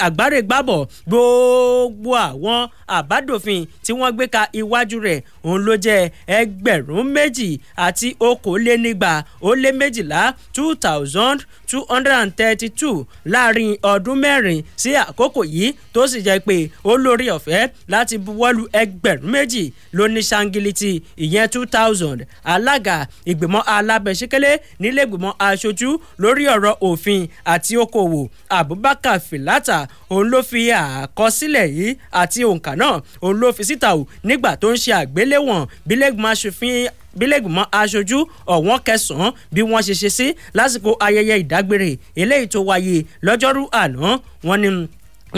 àgbáregbábọ̀ gbogbo àwọn àbádòfin tí wọ́n gbé ka iwájú rẹ̀ òun ló jẹ́ ẹgbẹ̀rún méjì àti okòólénígba ó lé méjìlá two thousand two hundred and thirty-two láàrin ọdún mẹ́rin sí àkókò yìí tó sì jẹ́ pé ó lórí ọ̀fẹ́ láti buwọ́lu ẹgbẹ̀rún méjì lóní ṣangiliti ìyẹn two thousand alága ìgbìmọ̀ alábẹ̀ṣẹ́kẹ́lẹ́ nílẹ̀gbìmọ̀ aṣojú lórí ọ̀rọ̀ òfin àti okòwò abubakar filata òun ló fi àkọsílẹ̀ yìí àti òǹkà náà òun ló fi síta ò nígbà tó ń ṣe àgbéléwọ̀n bílẹ̀gbìmọ̀ aṣòfin bílẹ̀gbìmọ̀ aṣojú ọ̀wọ́n kẹsàn-án bí wọ́n ṣe ṣe sí lásìkò ayẹyẹ ìdágbére eléyìí tó wáyé lọ́jọ́rú àná wọ́n ní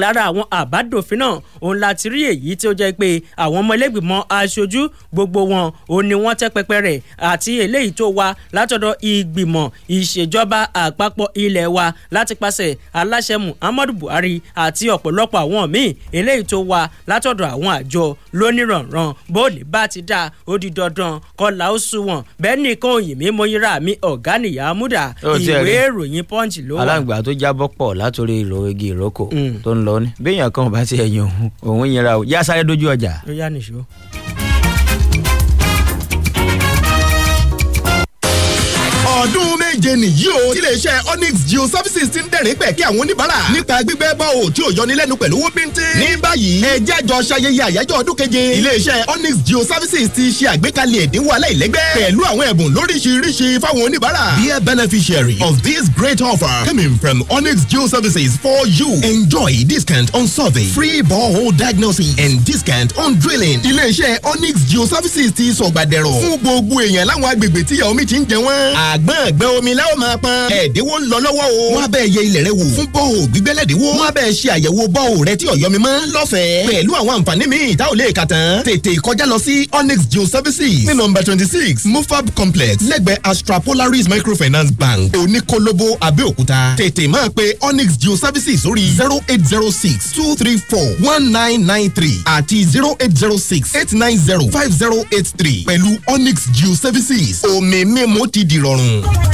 lára àwọn àbádòfin náà òun la ti rí èyí tí ó jẹ́ pé àwọn ọmọ ẹlẹ́gbìmọ̀ aṣojú gbogbo wọn òun ni wọ́n tẹ́ pẹpẹ rẹ̀ àti eléyìí tó wá látọ̀dọ̀ ìgbìmọ̀ ìṣèjọba àpapọ̀ ilẹ̀ wa láti pàṣẹ aláṣẹ Muhammadu Buhari àti ọ̀pọ̀lọpọ̀ àwọn míì eléyìí tó wá látọ̀dọ̀ àwọn àjọ lónìrànràn bóòlì bá ti dá ó dandan kọlà ó sùn wọn bẹ́ẹ̀ nìkan òyìn mi mo yíra mi ọ̀gá nìyá múdà ìwé ìròyìn Punch ló wà. aláǹgbá tó jábọ́ pọ̀ látòrí ìròyìn ìrókò mm. tó ń ń lọ ni béèyàn kan ò bá ti ẹ̀yìn òun òun yẹra o yá sáré dójú ọjà. ó yá nìṣó. ọdún méje nìyí o iléeṣẹ́ Onyx Geo Services ti ń dẹ̀rẹ́ pẹ̀ kí àwọn oníbàárà nípa gbígbẹ́ bọ́ọ̀ tí ò yọnilẹ́nu pẹ̀lú owó bíntín. ní báyìí ẹ àjọ ṣayẹyẹ àyájọ́ ọdún keje iléeṣẹ́ Onyx Geo Services ti ṣe àgbékalẹ̀ ẹ̀dínwó aláìlẹ́gbẹ́ pẹ̀lú àwọn ẹ̀bùn lóríṣiríṣi fáwọn oníbàárà. Dear beneficiary of this great offer coming from Onyx Geo Services for you enjoy discount on survey free borehole diagnosis and discount on drilling. iléeṣẹ́ Onyx Geo Services ti sọ̀gbàdẹ̀rọ̀ fún gbogbo náà gbẹ omi láwọn máa pọn. ẹ̀dínwó ń lọ lọ́wọ́ o. wọ́n á bẹ̀ yẹ ilẹ̀ rẹ wò. fún bọ́ọ̀ gbígbẹ́lẹ̀dínwó. wọ́n á bẹ̀ ṣe àyẹ̀wò bọ́ọ̀ rẹ tí ọ̀yọ́ mi mọ́ lọ́fẹ̀ẹ́. pẹ̀lú àwọn àǹfààní míì tá ò lè kà tán. tètè kọjá lọ sí Onyx Geo Services ní nọ́mbà twenty six Mufab Complex lẹ́gbẹ̀ẹ́ Astra Polaris Microfinance Bank Oníkólóbó Abẹ́òkúta. tètè máa pe Onyx Geo Services sórí zero eight zero six two three four one nine nine three àti zero eight zero six eight nine zero five zero eight three pẹ̀lú Onyx Geo Services omi mímu ti dìrọ̀rùn. Thank you.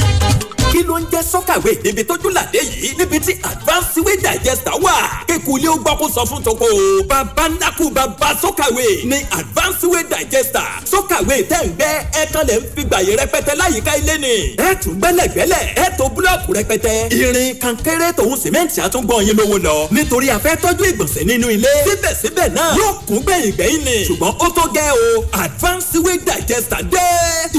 kí ló ń jẹ́ sọ́kàwé níbi tójú làdé yìí níbi tí advanced sewage digester wà kékulé ó gbọ́ kó sọ fún toko baba ńlákù baba sọ́kàwé ní advanced sewage digester sọ́kàwé tẹ̀ ń gbẹ́ ẹ kan lè ń fi gbàyè rẹpẹtẹ láyìíká ilé ni ẹ tún gbẹ́lẹ̀gbẹ́lẹ̀ ẹ tó búlọ̀kù rẹpẹtẹ irin kankéré tòun sìmẹ́ǹtì àtúngbọ̀n yín lówó lọ nítorí a tọ́jú ìgbọ̀nsẹ̀ nínú ilé síbẹ̀síbẹ̀ náà yóò kún gbẹ̀yìn gbẹ̀yìn ni ṣùgbọ́n ó tó gẹ́ o advanced sewage digester dé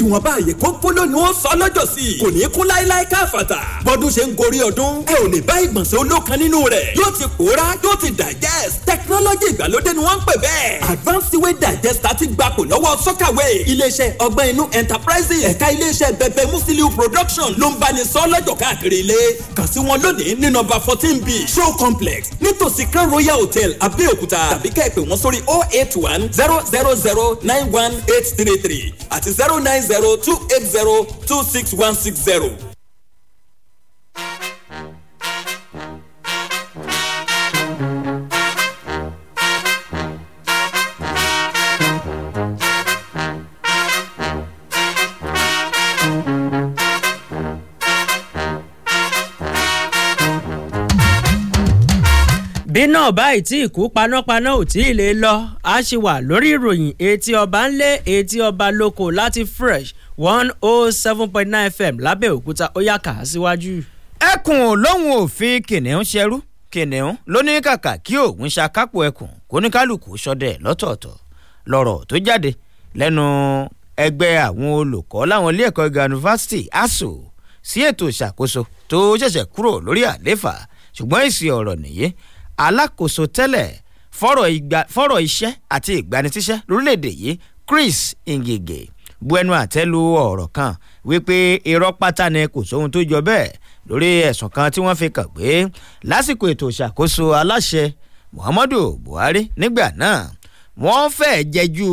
ìwọ̀nba àyè kókó lónìí ó sọ lọ́jọ́ kò ní kún láéláé láìka àfàtà bọ́dún ṣe ń gorí ọdún ẹ ò lè bá ìgbọ̀nsẹ̀ olókan nínú rẹ̀ yóò ti pòórá yóò ti digest technology ìgbàlódé ni wọ́n ń pè bẹ́ẹ̀ advanced sewer digester ti gbapò lọ́wọ́ sọ́kàwé iléeṣẹ́ ọgbọ́n inú enterprises ẹ̀ka iléeṣẹ́ bẹ̀bẹ̀ musiliu production ló ń báni sọ lọ́jọ́ káàkiri ilé kàn sí wọn lónìí ní nọ́mbà fourteen b show complex nítòsí kan royal hotel abẹ́òkúta tàbí kẹ́ ẹ pè wọ́n sórí oh eight one zero zero zero nine one eight three three àti zero nine zero two eight zero two six one six zero ní náà báyìí tí ìkú panápaná ò tí ì lè lọ a ṣì wà lórí ìròyìn etí ọba ńlé etí ọba lóko láti fresh one oh seven point nine fm lábẹ́òkúta ó yà kà á síwájú. ẹkùn lòun ò fi kìnìún ṣerú kìnìún ló ní kàkà kí òun ṣàkápò ẹkùn kóníkálukú ṣọdẹ lọ́tọ̀ọ̀tọ̀ lọ́rọ̀ tó jáde lẹ́nu ẹgbẹ́ àwọn olùkọ́ láwọn ilé ẹ̀kọ́ gíga yunifásitì asuu sí ètò ìṣàkóso tó ṣẹ̀ṣẹ̀ kúrò lórí àléfà ṣùgbọ́n èsì ọ̀rọ̀ nìyí alákòóso tẹ́lẹ̀ fọ́rọ̀ iṣẹ́ àti ìgbanisíṣẹ́ lórílẹ̀‐èdè yìí Chris Ngige bu ẹnu àtẹ́ lu ọ̀rọ̀ kan wípé irọ́ pátá ni kò sóhun tó jọ bẹ́ẹ̀ lórí ẹ̀sùn kan tí wọ́n fi kàn pé lásìkò ètò ìṣàkóso aláṣẹ Muhammadu Buhari nígbà náà wọ́n fẹ́ẹ́ jẹ́jú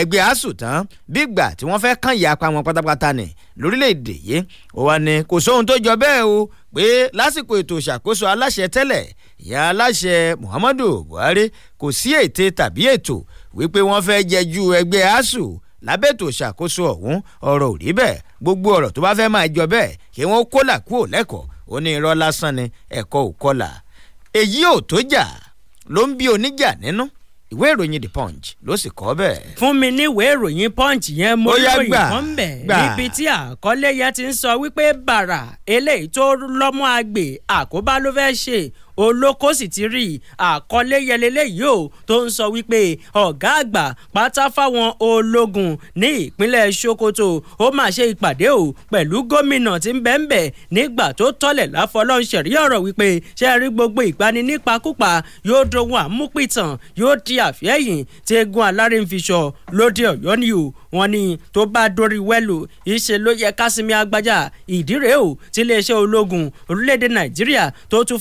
ẹgbẹ́ asuu tán bígbà tí wọ́n fẹ́ẹ́ kàn ìyapa wọn pátápátá ni lórílẹ̀‐èdè yìí ó wà ní kò sóhun tó jọ bẹ́ẹ̀ o pé lásìkò ètò ìṣàkóso aláṣẹ tẹ́lẹ̀ ìyá aláṣẹ Muhammadu Buhari kò sí ète tàbí ètò wípé wọ́n fẹ́ẹ́ jẹ́jú ẹgbẹ́ asuu lábẹ́tò ìṣàkóso ọ̀hún ọ̀rọ̀ ò rí bẹ́ẹ̀ gbogbo ọ̀rọ̀ tó bá fẹ́ máa jọ bẹ́ẹ̀ kí wọ́n kólà kúò lẹ́kọ̀ọ́ ó ní irọ́ lásán ni ẹ̀kọ́ ò kọlà èyí ò tó jà ló ń bí oníjà nínú ìwé ìròyìn the punch ló sì kọ́ bẹ́ẹ̀. fún mi ní ìwé ìròyìn punch yẹn mo ròyìn kan bẹ̀ níbi tí àkọlé yẹn ti ń sọ wípé bàrà eléyìí tó lọ́mọ àgbè àkóbá ló fẹ́ ṣe olóko sì ti rí àkọlé yẹlẹlẹ yìí ó tó ń sọ wípé ọ̀gá àgbà pátá fáwọn ológun ní ìpínlẹ̀ sokoto ó máa ṣe ìpàdé o pẹ̀lú gómìnà tí ń bẹ́ńbẹ̀ nígbà tó tọ́lẹ̀ láfọlọ́nṣẹ̀rí ọ̀rọ̀ wípé ṣe rí gbogbo ìgbani nípakúpa yóò dohun àmúpìtàn yóò di àfẹ́yìn tí egun alárìnfiṣọ lóde ọ̀yọ́ ni o wọ́n ní tó bá dórí wẹ́lù ìṣe ló yẹ kásìmí agbájá ìdírè o tiléeṣẹ́ ológun orílẹ̀-èdè nàìjíríà tó tún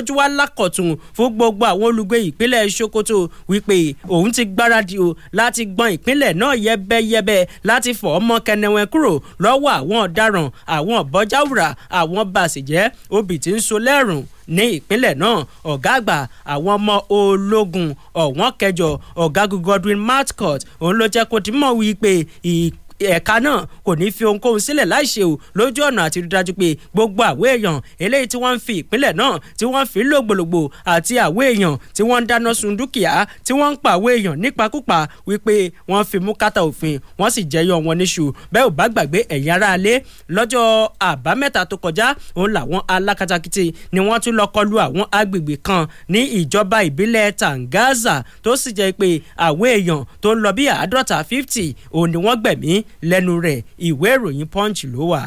lójú wá lákọ̀tún fún gbogbo àwọn olùgbé ìpínlẹ̀ sokoto wípé òun ti gbáradì o láti gbọ́n ìpínlẹ̀ náà yẹ́bẹ́yẹ́bẹ́ láti fọ̀ ọmọ kẹnẹwẹ́ kúrò lọ́wọ́ àwọn ọ̀daràn àwọn ọ̀bọ́jáwùrà àwọn bàṣẹ̀jẹ́ obì tí ń so lẹ́rùn ní ìpínlẹ̀ náà ọ̀gá àgbà àwọn ọmọ ológun ọ̀wọ́n kẹjọ ọ̀gágun godwin matcott òun ló jẹ́ kó ti mọ̀ wípé ìk ẹ̀ka náà kò ní fi ohunkóhun sílẹ̀ láìṣe o lójú ọ̀nà àti dájú pé gbogbo àwé èèyàn eléyìí tí wọ́n ń fi ìpínlẹ̀ náà tí wọ́n ń fi lògbòlògbò àti àwé èèyàn tí wọ́n ń dáná sun dúkìá tí wọ́n ń pa àwé èèyàn nípakúpa wípé wọ́n fi mú kátà òfin wọ́n sì jẹyọ wọn níṣu bẹ́ẹ̀ ò bá gbàgbé ẹ̀yin ará alé lọ́jọ́ àbámẹ́ta tó kọjá òun làwọn alákatakítí ni wọ́n tún lọ kọlu àwọn agbègbè kan ní ìjọba ìbílẹ̀ Tangaza tó sì jẹ́ pé àwé èèyàn tó ń lọ bí àádọ́ta fifty òun ni wọ́n gbẹ̀mí lẹ́nu rẹ̀ ìwé ìròyìn punch ló wà.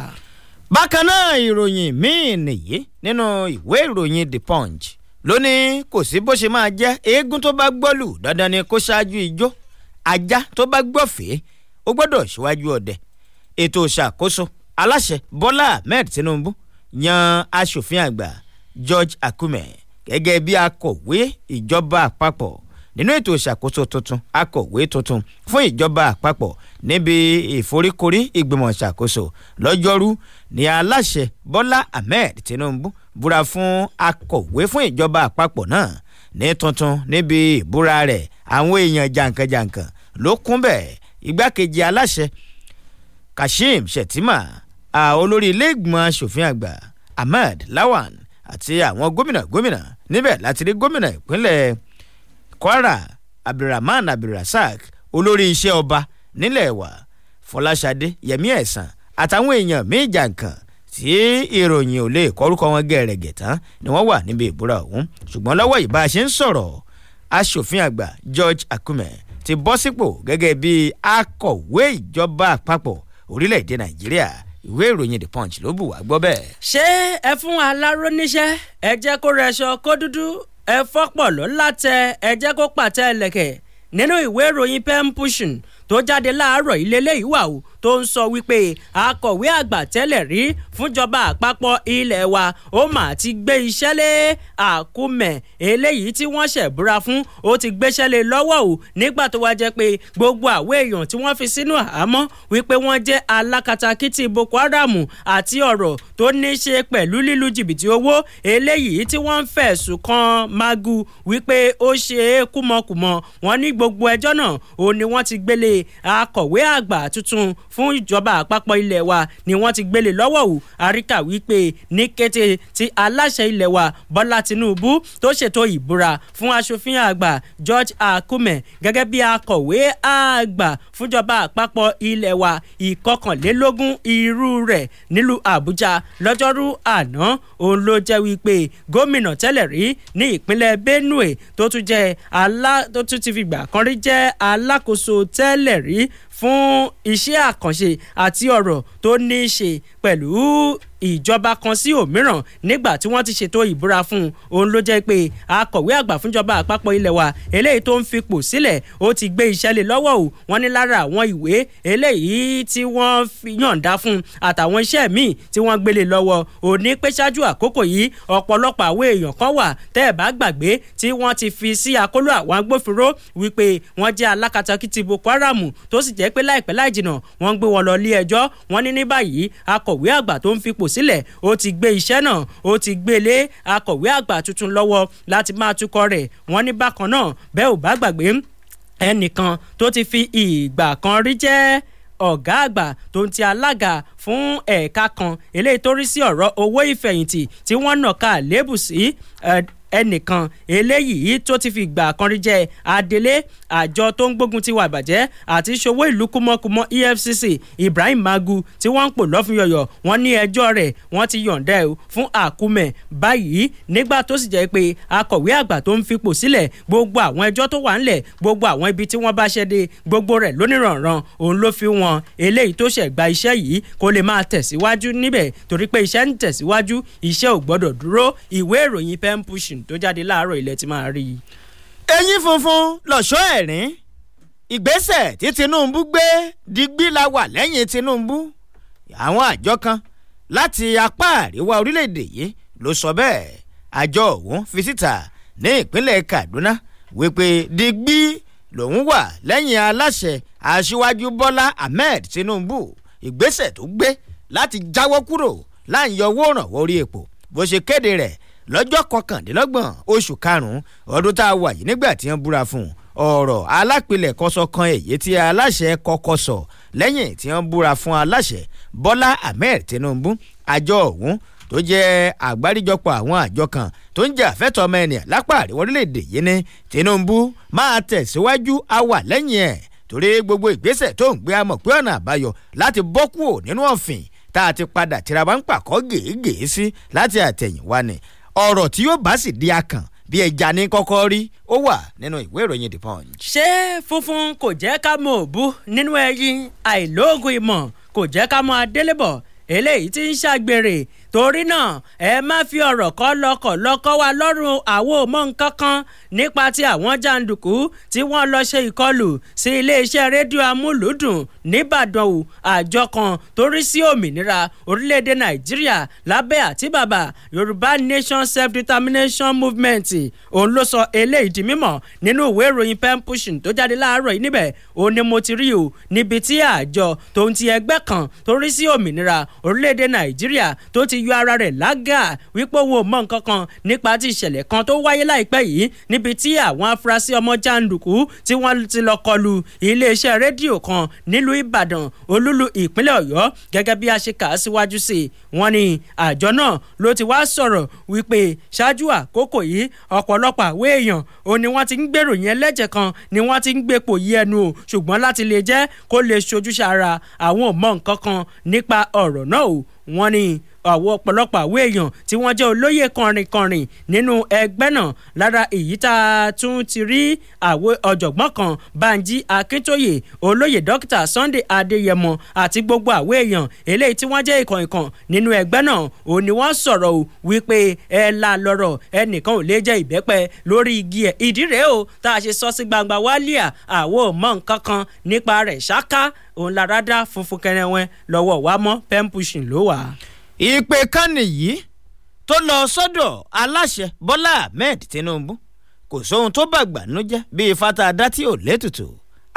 bákan náà ìròyìn míì nìyí nínú ìwé ìròyìn the punch ló ní kò sí bó ṣe máa jẹ́ eégún tó bá gbọ́lù dandan ni kó ṣáájú ijó ajá tó bá gbọ́fẹ̀ẹ́ ó gbọ́dọ̀ ṣíwájú ọdẹ ètò ìṣàkóso aláṣẹ bọ́lá ahmed tinubu yan aṣòfin àgbà george akume gẹ́gẹ́ bí akọ̀wé ìjọba àpapọ̀ nínú ètò ìṣàkóso tuntun akọ̀wé tuntun fún ìjọba àpapọ̀ níbi ìforíkorí ìgbìmọ̀ ìṣàkóso lọ́jọ́rú ni aláṣẹ Bọ́lá Ahmed Tinubu búra fún akọ̀wé fún ìjọba àpapọ̀ náà ní tuntun níbi ìbúra rẹ̀ àwọn èèyàn jàǹkànjàǹkàn ló kún bẹ́ẹ̀ igbákejì aláṣẹ Kashim Shettima olórí ilé ìgbìmọ̀ asòfin àgbà Ahmed Lawan àti àwọn gómìnà gómìnà níbẹ̀ láti rí gómìnà ìpínlẹ̀ Kwara Abdulrahman Abdulrasaq olórí iṣẹ́ ọba nílẹ̀ wa Fọláṣadé Yẹmí Ẹ̀sán àtàwọn èèyàn míín jàǹkàn tí ìròyìn ò lè kọ́rúkọ wọn gẹ̀rẹ̀gẹ̀ tán ni wọ́n wà níbi ìbúra ọ̀hún ṣùgbọ́n lọ́wọ́ yìí bá a ṣe ń sọ̀rọ̀ aṣòfin àgbà George Akume ti bọ́ sípò gẹ́gẹ́ bí akọ̀wé ìjọba àpapọ̀ orílẹ̀-èdè Nàìjíríà ìwé ìròyìn the punch ló bù wá gbọ́ bẹ́ẹ̀. ṣé ẹ fún aláró níṣẹ́ ẹ jẹ́ kó rẹṣọ kó dúdú ẹ fọ́pọ̀lọ́ látẹ ẹ jẹ́ kó pàtẹ ẹlẹ́kẹ̀ nínú ìwé ìròyìn pen pushing tó jáde láàárọ̀ ilé eléyìí wà o tó ń sọ wípé akọ̀wé àgbà tẹ́lẹ̀ rí fúnjọba àpapọ̀ ilẹ̀ wa ó mà ti gbé iṣẹ́ lé àkúmẹ̀ eléyìí tí wọ́n ṣẹ̀ búra fún ó ti gbéṣẹ́ lé lọ́wọ́ o nígbà tó wá jẹ́ pé gbogbo àwọn èèyàn tí wọ́n fi sínú àhámọ́ wípé wọ́n jẹ́ alákatakítí boko haram àti ọ̀rọ̀ tó ní í ṣe pẹ̀lú lílu jìbìtì owó eléyìí tí wọ́n fẹ̀sùn kan magu wípé ó ṣe é kúmọkùmọ wọn ní gbogbo ẹjọ́ náà òun ni wọ́n ti gbélé akọ̀wé àgbà tuntun fún ìjọba àpapọ̀ ilẹ̀ wa ni wọ́n ti gbélé lọ́wọ́ wò àríkà wípé ní kété tí aláṣẹ ilẹ̀ wa bọ́lá tinubu tó ṣètò ìbúra fún aṣòfin àgbà george akume gẹ́gẹ́ bí akọ̀wé àgbà fúnjọba àpapọ̀ ilẹ̀ wa ìkọkànlélógún irú rẹ̀ nílùú àbújá lọ́jọ́rú àná òun ló jẹ́ wípé gómìnà tẹ́lẹ̀ rí ní ìpínlẹ̀ benue tó tún jẹ́ alá tó tún kan rí jẹ́ alákòóso tẹ́lẹ̀ rí fún iṣẹ́ àkànṣe àti ọ̀rọ̀ tó ní í ṣe pẹ̀lú ìjọba kan sí òmíràn nígbà tí wọ́n ti ṣètò ìbúra fún un òun ló jẹ́ pé akọ̀wé àgbà fúnjọba àpapọ̀ ilẹ̀ wa eléyìí tó ń fipò sílẹ̀ ó ti gbé iṣẹ́ lé lọ́wọ́ o wọ́n ní lára àwọn ìwé eléyìí tí wọ́n yọ̀ǹda fún àtàwọn iṣẹ́ míì tí wọ́n gbélé lọ́wọ́ ò ní pé ṣáájú àkókò yìí ọ̀pọ̀lọpọ̀ àwọn èèyàn kan wà tẹ́ ẹ̀ bá gbàgbé tí wọ́n ti fi sí akóló àwọn agbófinró wípé wọ́n jẹ́ alákatakí ti boko haram tó sì jẹ́ pé láìpẹ́ láìjìnà wọ́n gbé wọn lọ ilé ẹjọ́ wọ́n ní ní báyìí akọ̀wé àgbà tó ń fipò sílẹ̀ ó ti gbé iṣẹ́ náà ó ti gbé lé akọ̀wé àgbà tuntun lọ́wọ́ láti máa tukọ̀ rẹ̀ wọ́n ní bákan náà bẹ́ẹ̀ ò bá gbàgbé ẹnìkan tó ti fi ìgbà kan rí jẹ́ ọ̀gá àgbà tó ń ti alága fún ẹ̀ka kan eléyìí tó rí sí ọ̀rọ̀ owó ìfẹ̀yìntì tí wọ́n nà ká lébù ẹnìkan eléyìí tó ti fi ìgbà kan rí jẹ́ adelé àjọ tó ń gbógun ti wà bàjẹ́ àti ṣòwò ìlú kúmọ́kúmọ́ efcc ibrahim magu tí wọ́n ń pò lọ́fun yọ̀yọ̀ wọ́n ní ẹjọ́ rẹ̀ wọ́n ti yọ̀ǹda ẹ̀ fún àkúmẹ̀ báyìí nígbà tó sì jẹ́ pé akọ̀wé àgbà tó ń fipò sílẹ̀ gbogbo àwọn ẹjọ́ tó wà ńlẹ̀ gbogbo àwọn ibi tí wọ́n bá ṣẹ́ de gbogbo rẹ̀ lónìrànràn òun ló fi wọn eléyìí tó ṣẹ̀ gba iṣẹ́ yìí kó lè máa tẹ̀síwájú níbẹ̀ torí pé iṣẹ́ ń tẹ̀síwájú iṣẹ́ ò gbọ́dọ̀ dúró ìwé ìròyìn pen tó jáde láàárọ̀ ilẹ̀ ti máa rí i. eyín funfun lọ̀ṣọ́ ẹ̀rín ìgbésẹ̀ tí Tinubu gbé digbí la wà lẹ́yìn Tinubu àwọn àjọ kan láti apá àríwá orílẹ̀-èdè yìí ló sọ bẹ́ẹ̀ àjọ ọ̀hún fi síta ní ìpínlẹ̀ Kaduna wípé digbí lòun wà lẹ́yìn aláṣẹ aṣíwájú Bọ́lá Ahmed Tinubu ìgbésẹ̀ tó gbé láti jáwọ́ kúrò láì yọ owó ìrànwọ́ orí epo bó ṣe kéde rẹ̀ lọ́jọ́ kọkàndínlọ́gbọ̀n oṣù karùn-ún ọdún tá a wà yìí nígbà tí wọ́n búra fún ọ̀rọ̀ alápilẹ̀kọ́sọ kan èyí tí aláṣẹ kọ́kọ́ sọ lẹ́yìn tí wọ́n búra fún aláṣẹ Bọ́lá Ahmed Tinubu àjọ ọ̀hún tó jẹ́ àgbáríjọpọ̀ àwọn àjọ kan tó ń jà fẹ́tọ̀ọ́ ọmọ ènìyàn lápá àríwá orílẹ̀-èdè yìí ní Tinubu máa tẹ̀síwájú a wà lẹ́yìn ẹ̀ torí gbogbo ìgbésẹ̀ tó ń gbé a mọ̀ pé ọ̀nà àbáyọ láti bọ́ kúrò nínú ọ̀fìn tá a ti padà tiraba ń pàkọ́ gèégèé sí láti àtẹ̀yìnwá ni ọ̀rọ̀ tí yóò bá sì di akàn bí ẹja ní kọ́kọ́ rí ó wà nínú ìwé ìròyìn the punch. ṣé funfun kò jẹ́ ká mọ òbú nínú ẹyin àìlóògùn ìmọ̀ kò jẹ́ ká mọ adélébọ̀ eléyìí tí ń ṣàgbèrè torí náà ẹ má fi ọ̀rọ̀ kọ́ lọ́kọ̀ lọ́kọ́ wa lọ́rùn àwọn ò mọ nǹkan kan nípa ti àwọn jàǹdùkú tí wọ́n lọ ṣe ìkọlù sí iléeṣẹ́ rédíò amúlùúdùn nìbàdàn àjọ kan torí sí òmìnira orílẹ̀-èdè nàìjíríà lábẹ́ àtìbàbà yorùbá nation self-determination movement òun ló sọ eléyìí di mímọ̀ nínú ìwé ìròyìn pen pushing tó jáde láàárọ̀ yìí níbẹ̀ òun ni mo ti rí o níbi tí àjọ tòun ti ẹgbẹ́ kan torí sí òmìnira orílẹ̀-èdè nàìjíríà tó ti yọ ara rẹ̀ lágà wípé òun ò mọ nǹkan kan nípa ti ìṣẹ̀lẹ̀ kan tó wáyé láìpẹ́ yìí níbi tí àwọn afurasí ọmọ jàǹdùkú tí wọ́n ti lọ kọlu iléeṣẹ́ rédíò kan nílùú ìbàdàn olúlu ìpínlẹ̀ ọ̀yọ́ gẹ́gẹ́ bí a ṣe kà á síwájú sí i wọ́n ní àjọ náà ló ti wá sọ̀rọ̀ wípé ṣáájú àkókò yìí ọ̀pọ̀lọpọ̀ àwé èèyàn ò ní wọ́n ti ń gbèrò yẹn lẹ́jẹ̀ kan ni wọ́n ti ń gbèpò yí ẹnu o ṣùgbọ́n láti lè jẹ́ kó lè ṣojúṣe ara àwọn ò mọ nǹkan kan nípa ọ̀rọ̀ náà o wọ́n ní àwọn ọ̀pọ̀lọpọ̀ àwọ èèyàn tí wọ́n jẹ́ olóyè kọrinkọrin nínú ẹgbẹ́ náà lára èyí tá a tún ti rí àwọ ọ̀jọ̀gbọ́n kan Banji Akíntóyè olóyè dókítà Sunday Adéyẹmọ àti gbogbo àwọ èèyàn eléyìí tí wọ́n jẹ́ ìkànkàn nínú ẹgbẹ́ náà ò ní wọ́n sọ̀rọ̀ o wípé ẹ la lọ́rọ̀ ẹnìkan ò lè jẹ́ ìbẹ́pẹ lórí igi ẹ̀ ìdí rèé o tá a ṣe sọ sí gbangba wálíà àwọ mọ òun lára dá funfun kẹrẹwẹn lọ́wọ́ wa mọ́ pemphucin ló wà ìpè kan nìyí tó lọ sọ́dọ̀ aláṣẹ Bọ́lá Ahmed Tinubu kò sóhun tó bàgbà nú jẹ́ bíi fata adá tí ò létùtù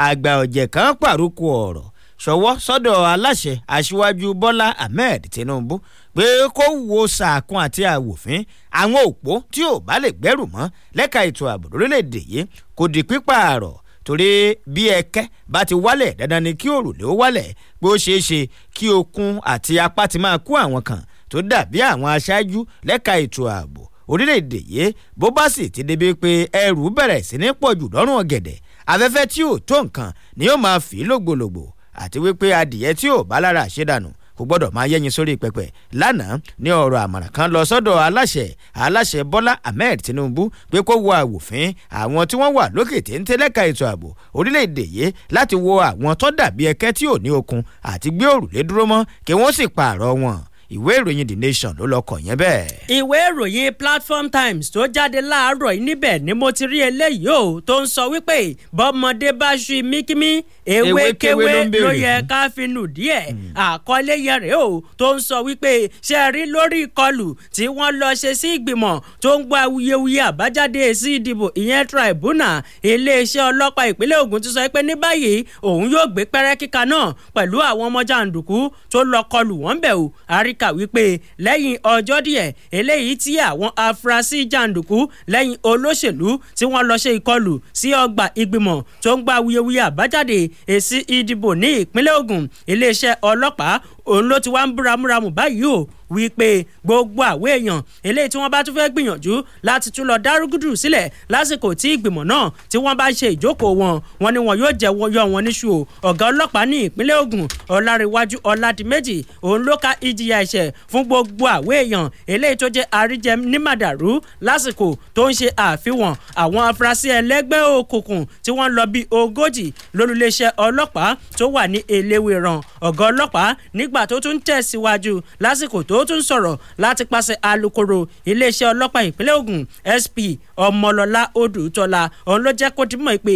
àgbà ọ̀jẹ̀ kan pàrokò ọ̀rọ̀ ṣọwọ́ sọ́dọ̀ aláṣẹ aṣíwájú Bọ́lá Ahmed Tinubu pé kó wo sàkún àti àwòfín àwọn òpó tí ò bá lè gbẹ́rù mọ́ lẹ́ka ètò ààbò lórílẹ̀‐èdè yìí kò di pípààrọ̀ torí bí ẹ̀kẹ́ bá ti wálẹ̀ dandan ni kí òrùlé ó wálẹ̀ pé ó ṣeé ṣe kí okun àti apá ti máa kú àwọn kan tó dàbí àwọn aṣáájú lẹ́ka ètò ààbò orílẹ̀-èdè yìí bó bá sì ti débi pé ẹrù bẹ̀rẹ̀ sí ní pọ̀jù lọ́rùn ọ̀gẹ̀dẹ̀ afẹ́fẹ́ tí ò tó nǹkan ni yóò máa fi lògbòlògbò àti wípé adìyẹ tí ò bá lára ṣe dànù kò gbọ́dọ̀ máa yẹ́yin sórí pẹpẹ lánàá ní ọ̀rọ̀ àmọ̀ràn kan lọ sọ́dọ̀ aláṣẹ aláṣẹ Bọ́lá Ahmed Tinubu pé kó wo àwòfin àwọn tí wọ́n wà lókè téńté lẹ́ka ètò ààbò orílẹ̀-èdè yìí láti wo àwọn tó dàbí ẹkẹ́ tí ò ní okun àti gbé òrùlé dúró mọ́ kí wọ́n sì pààrọ̀ wọn ìwé ìròyìn the nation ló lọ kọ yẹn bẹ́ẹ̀. ìwé ìròyìn platform times tó jáde láàárọ̀ yìí níbẹ̀ ni mo ti rí eléyìí o tó ń sọ wípé bọ́mọdé bá ṣu míkímí ewékewé ló yẹ ká fi nù díẹ̀ hmm. àkọlé yẹn rèé o tó ń sọ wípé ṣe rí lórí ìkọlù tí wọ́n lọ ṣe sí ìgbìmọ̀ tó ń gbọ́ awuyewuye àbájáde èsì ìdìbò ìyẹn tribunal iléeṣẹ́ ọlọ́pàá ìpínlẹ̀ Ògùn ti sọ pé ní báyìí òun yóò gbé pẹ́rẹ́ kíka náà pẹ̀lú àwọn ọmọ jàǹdùkú tó lọ kọlù wọ́n bẹ̀ o àrí amẹ́ríkà wípé lẹ́yìn ọjọ́ díẹ̀ eléyìí tí àwọn afurasí jàǹdùkú lẹ́yìn olóṣèlú tí wọ́n lọ ṣe ìkọlù sí ọgbà ìgbìmọ̀ tó ń gba awuyewuye àbájáde èsì ìdìbò ní ìpínlẹ̀ Ògùn iléeṣẹ́ ọlọ́pàá òun ló ti wá ń búramúramù báyìí o wípé gbogbo àwé èèyàn eléyìí tí wọ́n bá tún fẹ́ gbìyànjú láti tún lọ dárúgúdù sílẹ̀ lásìkò tí ìgbìmọ̀ náà tí wọ́n bá ṣe ìjókòó wọn wọn ni wọn yóò jẹ́ yọ wọn níṣu o ọ̀gá ọlọ́pàá ní ìpínlẹ̀ Ògùn Ọláríwájú Ọládìméjì òun ló ka ìjìyà ẹ̀ṣẹ̀ fún gbogbo àwé èèyàn eléyìí tó jẹ́ àríjẹ ní màdàrú lásìkò tó ń ṣe àfihàn àwọn afurasí ẹlẹ́gbẹ́ òkùnkùn tí wọ́n lọ bíi ogójì lólùléeṣẹ́ ọlọ́pàá tó wà ní eléwéran ọ̀gá ọlọ́pàá nígbà tó tún tẹ̀síwájú lásìkò tó ó tún sọ̀rọ̀ láti pàṣẹ alukoro iléeṣẹ́ ọlọ́pàá ìpínlẹ̀ Ògùn SP ọmọlọlá odùtọ́lá òun ló jẹ́ kó ti mọ̀ pé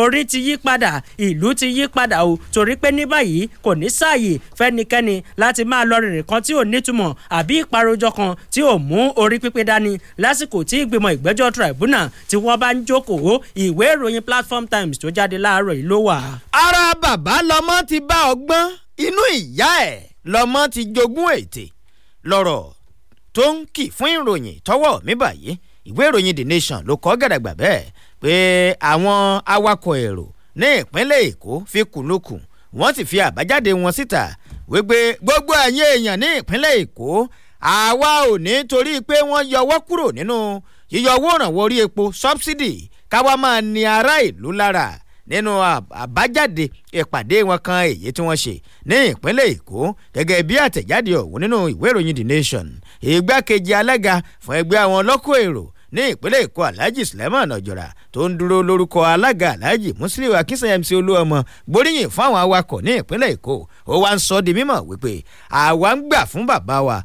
orí ti yí padà ìlú ti yí padà o torí pé ní báyìí kò ní sáàyè fẹ́nikẹ́ni láti máa lọ rìnrìn kan tí ò nítumọ̀ àbí ìparojọ kan tí ò mú orí pípé dání lásìkò tí ìgbìmọ̀ ìgbẹ́jọ́ tribunal tí wọ́n bá ń jókòó ìwé ìròyìn platform times tó jáde láàárọ̀ yìí ló wà. ara bàbá lọmọ ti bá ọgbọ́n inú ìyá ẹ̀ lọ́mọ ti jogún ètè lọ́rọ̀ tó ń kì fún ìròyìn tọwọ́ mi báyìí ìwé ìròyìn the nation ló kọ́ gàdàgbà bẹ́ẹ̀ pé àwọn awakọ̀ èrò ní ìpínlẹ̀ èkó fi kùnlùkùn wọ́n sì fi àbájáde wọn síta wípé gbogbo ẹ̀yin èèyàn ní ìpínlẹ̀ èkó àwa ò ní torí pé wọ́n yọwọ́ kúrò nínú yíyọ owó orí epo subsidy káwa máa ní ará ìlú lára nínú àbájáde ìpàdé wọn kan èyí tí wọ́n ṣe ní ìpínlẹ̀ èkó gẹ́gẹ́ bí àtẹ̀jáde ọ̀hún nínú ìwé ìròyìn the nation ìgbákejì alága fún ẹgbẹ́ àwọn ọlọ́kọ̀ èrò ní ìpínlẹ̀ èkó alhaji suleiman ọ̀jọ̀rà tó ń dúró lórúkọ alága alhaji musiliu akínsanyẹ mc olúọmọ gbóríyìn fún àwọn awakọ̀ ní ìpínlẹ̀ èkó ó wá ń sọ di mímọ̀ wípé àwa ń gbà fún bàbá wa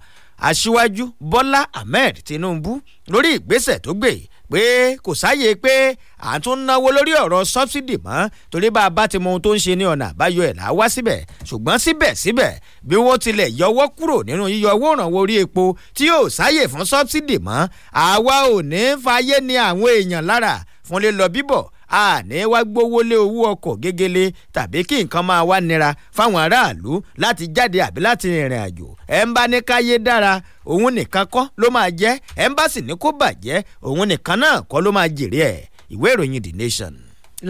aṣíwájú bọ́lá ahmed tinubu lórí ìgbésẹ̀ tó gbé pé kò sáyè pé à ń tún náwó lórí ọ̀rọ̀ sọ́bsidì mọ́ torí bá a bá ti mọ ohun tó ń ṣe ní ọ̀nà àbáyọ ẹ̀ láwá síbẹ̀ ṣùgbọ́n síbẹ̀síbẹ̀ bí wọ́n tilẹ̀ yọwọ́ kúrò nínú yíyọ owó ìrànwọ́ orí epo tí yóò sáyè fún sọ́bsidì mọ́ àwa ò ní fàyè ní àwọn èèyàn lára fúnlẹ̀ lọ bíbọ̀ àní wá gbówó lé owó ọkọ̀ gegele tàbí kí nǹkan máa wá nira fáwọn aráàlú láti jáde àbí láti rìnrìn àjò ẹ̀ ń bá ní káyé dára òun nìkan kọ́ ló máa jẹ́ ẹ̀ ń bá sì ní kó bàjẹ́ òun nìkan náà kọ́ ló máa jèrè ẹ̀ ìwé ìròyìn The Nation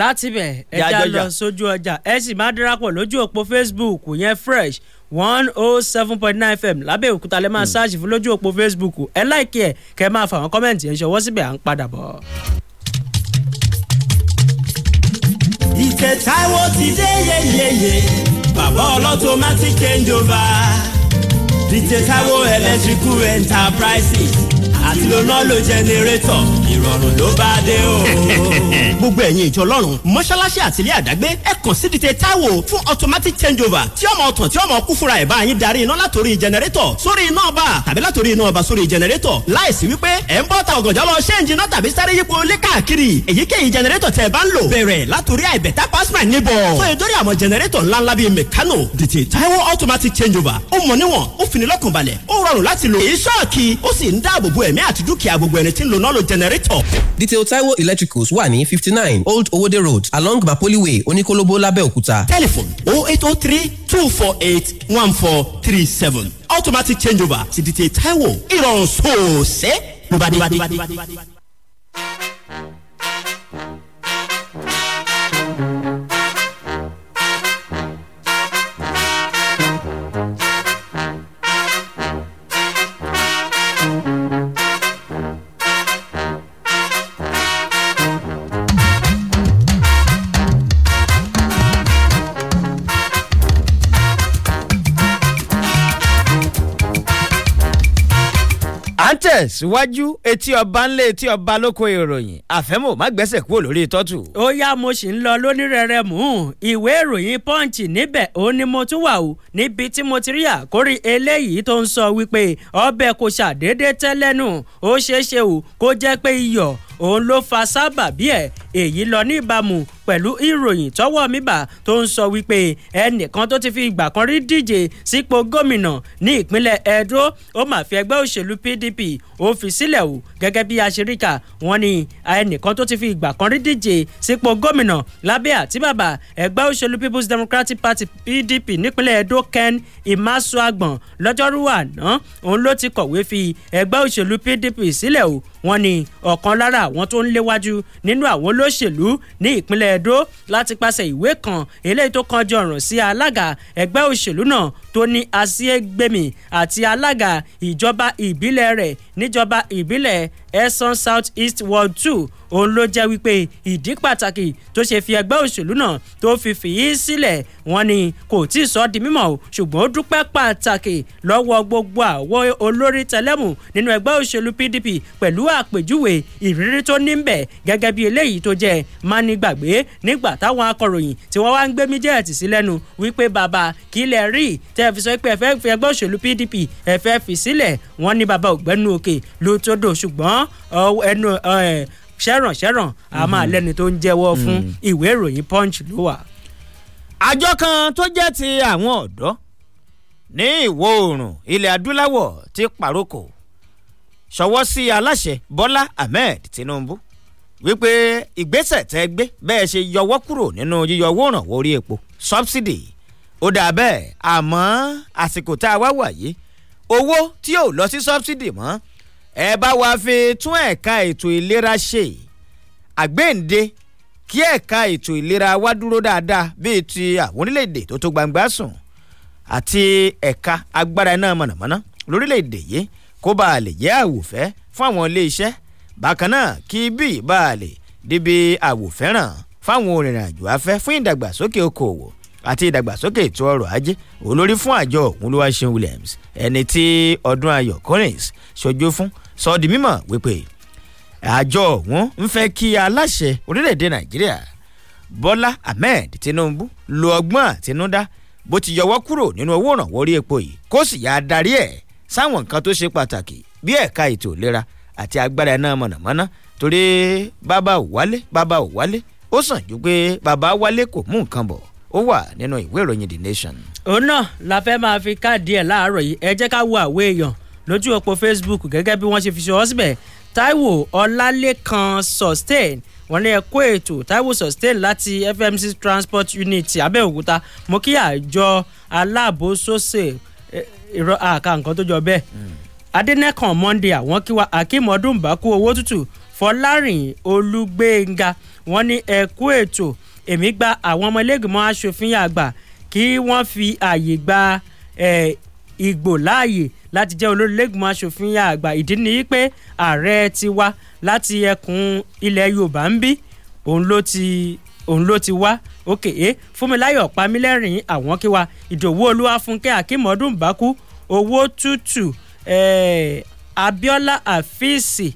láti bẹ̀ ẹja lọ sójú ọjà ẹ sì máa darapọ̀ lójú òpó facebook yẹn fresh one oh seven point nine fm lábẹ́òkúta lẹ́ máa hmm. ṣáàṣì fún lójú òpó facebook ẹ láìkí ẹ̀ kẹ́ ẹ máa fà wọ́n kọ́mẹ̀ntì ẹ̀ ṣọwọ́ síbẹ̀ à ń padà bọ̀. ìtẹ̀táwó ti dé yeyeye bàbá ọlọ́tọ̀mátì change over ìtẹ̀táwó electrical enterprises àti lọ́nà lo jẹnẹrétọ̀ ìrọ̀rùn ló bá dé o. gbogbo ẹ̀yin ìjọ lọ́rùn mọ́ṣáláṣí àtìlẹ́ àdágbé ẹ kàn sí dìde Táíwò fún automatic changeover tí ọmọ ọ̀tàn tí ọmọ ọkú fúnra ẹ̀ bá yín darí iná látòrí jẹnẹrétọ̀ sórí iná ọba tàbí látòrí iná ọba sórí jẹnẹrétọ̀ láìsí wípé ẹ̀ ń bọ́ ta ọ̀gànjọ́ lọ ṣéǹjì náà tàbí sáré yípo lé káàkiri èyíkéyìí jẹnẹrétọ̀ tẹ̀ bá ń lò bẹ̀rẹ̀ látòrí àìbẹ̀tà pásmà níbọ̀ fún ìdórí àwọn jẹnẹrétọ̀ ńláńlá bíi mẹ̀kánò dìtì Táíwò automatic changeover ó mọ̀ níwọ̀n ó fini ẹ̀mí àti dúkìá gbogbo ẹni tí ń lo nọ́ọ̀lù jẹnẹrétọ̀. detail taiwo electricals wà ní fifty nine old owode road along mapoli way oníkólóbó lábẹ́òkúta. telephone oh eight oh three two four eight one four three seven automatic changeover ti detail taiwo ìrọ̀rùn sóòsẹ́ ló bá dé. tẹ̀síwájú etí ọba ńlẹ̀ etí ọba lóko ìròyìn àfẹ́mọ̀ má gbẹ́sẹ̀ kúrò lórí tọ́tù. ó yá mo sì ń lọ lónírẹ̀rẹ̀ mú un ìwé ìròyìn pọ́ǹchì níbẹ̀ ó ní mo tún wà o níbi tí mo ti rí àkórí eléyìí tó ń sọ wípé ọbẹ̀ kò ṣàdédé tẹ́lẹ́nu ó ṣeéṣe o kó jẹ́ pé iyọ̀ òun ló fa sábàbí ẹ̀ èyí lọ ní ìbámu pẹ̀lú ìròyìn tọwọ́ mi bà tó ń sọ wípé ẹnìkan tó ti fi ìgbà kan rí díje sípò gómìnà ní ìpínlẹ̀ Edo ó mà fi ẹgbẹ́ òṣèlú PDP ó fi sílẹ̀ o gẹ́gẹ́ bí aṣeríkà wọn ni ẹnìkan tó ti fi ìgbà kan rí díje sípò gómìnà lábẹ́ àtíbàbà ẹgbẹ́ òṣèlú People's Democratic Party PDP nípínlẹ̀ Edo Ken Imasuagbon lọ́jọ́rú àná òun ló ti kọ̀wé fi ẹgbẹ́ òṣèlú PDP sílẹ̀ o wọn ni ọ̀kan lára àwọn tó ń léwájú nínú àwọn olóṣèlú ní ìpínlẹ̀ Edo láti pàṣẹ ìwé kan eléyìí tó kànjọ ọ̀ràn sí alága ẹgbẹ́ òṣèlú náà tó ní Asiegbemi àti alága ìjọba ìbílẹ̀ rẹ̀ níjọba ìbílẹ̀ Eson South East Ward Two òun ló jẹ́ wípé ìdí pàtàkì tó ṣe fi ẹgbẹ́ òṣèlú náà tó fi fìyí sílẹ̀ wọ́n ní kò tí ì sọ di mímọ̀ o ṣùgbọ́n ó dúpẹ́ pàtàkì lọ́wọ́ gbogbo àwọn olórí tẹlẹ́mù nínú ẹgbẹ́ òṣèlú PDP pẹ̀lú àpèjúwe ìrírí tó ní bẹ̀ gẹ́gẹ́ bí eléyìí tó jẹ́ mánigbàgbé nígbà táwọn akọ̀ròyìn tí wọ́n wá ń gbé mídíẹ̀tì sí lẹ́nu wípé bàbá kí lẹ rí tẹ́ ẹ fi sọ pé ẹ fẹ́ fi ẹgbẹ́ òṣèlú PDP ẹ fẹ́ fi sílẹ̀ wọ́n ní bàbá ògbẹ́nu òkè ló tó dò ṣùgbọ́n ẹnu ṣẹ́ràn ṣẹ́ràn a máa mhm. lẹ́ni tó ń jẹ́wọ́ fún mhm. ìwé ìròyìn punch ló wà. àjọ kan tó jẹ́ ti àwọn ọ̀dọ́ ní ìwọ̀ oòrùn ilẹ̀ adúláwọ̀ ti pàrókò ṣọwọ́ sí aláṣẹ Bọ́lá Ahmed Tinubu wípé ìgbésẹ̀ tẹ́ gbé bẹ́ẹ̀ ṣe yọwọ́ kúrò nínú yíyọ owó ìrànwọ́ orí epo subsidy ó dà bẹ́ẹ̀ àmọ́ àsìkò tá a wá wà yìí owó tí yóò lọ sí sọ́bsidì mọ́ ẹ bá wa fi tún ẹ̀ka ètò ìlera ṣe àgbéǹde kí ẹ̀ka ètò ìlera wa dúró dáadáa bíi ti àwọn orílẹ̀-èdè tó tó gbangba sùn àti ẹ̀ka agbára iná mọ̀nàmọ́ná lórílẹ̀-èdè yìí kó bá lè jẹ́ àwòfẹ́ fún àwọn iléeṣẹ́ bákan náà kí bíi bá lè débi àwòfẹ́ràn fáwọn òrìnrìn àjò afẹ́ fún ìdàgbàsókè okòòwò àti ìdàgbàsókè ètò ọrọ̀ ajé olórí fún àjọ òun ló wá ṣeun williams ẹni tí ọdún ayọ̀ collins ṣojú fún sọ di mímọ̀ wípé àjọ òun ń fẹ́ kí aláṣẹ orílẹ̀-èdè nàìjíríà bọ́lá ahmed tinubu lo ọgbọ́n àtinúdá bó ti yọwọ́ kúrò nínú owó ìrànwọ́ orí epo yìí kó sì yá darí ẹ̀ sáwọn nǹkan tó ṣe pàtàkì bí ẹ̀ka ètò ìlera àti agbára iná mọ̀nàmọ́ná torí bàbá ò bàbá ò ó sàn ju pé bàbá wálé kò mú nǹkan bọ̀ ó wà nínú ìwé ìròyìn the nation. òun náà la fẹ́ máa fi káàdì ẹ̀ láàárọ̀ yìí ẹ jẹ́ ká wo àwọ̀ èèyàn lójú òpó facebook gẹ́gẹ́ bí wọ́n ṣe fi ṣe ọ́ síbẹ̀ taiwo ọlálẹ́kan sustain wọ́n ní ẹ̀kọ́ ètò taiwo sustain láti fmc transport unit abẹ́òkúta mo kí àjọ aláàbòsóṣe ìrọ̀ àka nǹkan tó jọ bẹ́ẹ̀ hmm. adẹ́nẹ́kan monday àwọn kí wa akeem ọdún bá kú owó tútù fọlárìn olúgbénga wọ́n ní ẹ̀kọ́ ètò èmi gba àwọn ọmọlẹ́gbẹ̀mọ́ aṣòfin àgbà kí wọ́n fi ààyè gba ìgbò láàyè láti jẹ́ olórí lẹ́gbọ̀n aṣòfin àgbà ìdí ni pé ààrẹ ti wá láti ẹkùn ilẹ̀ yorùbá ń bí òun ló ti òun ló ti wá òkè é e, fúnmiláyọ̀ pamílẹ́rìn àwọn kí wa ìdòwú olúwafúnkẹ́ akímọ́dún bákú owó tútù abiola àfíìsì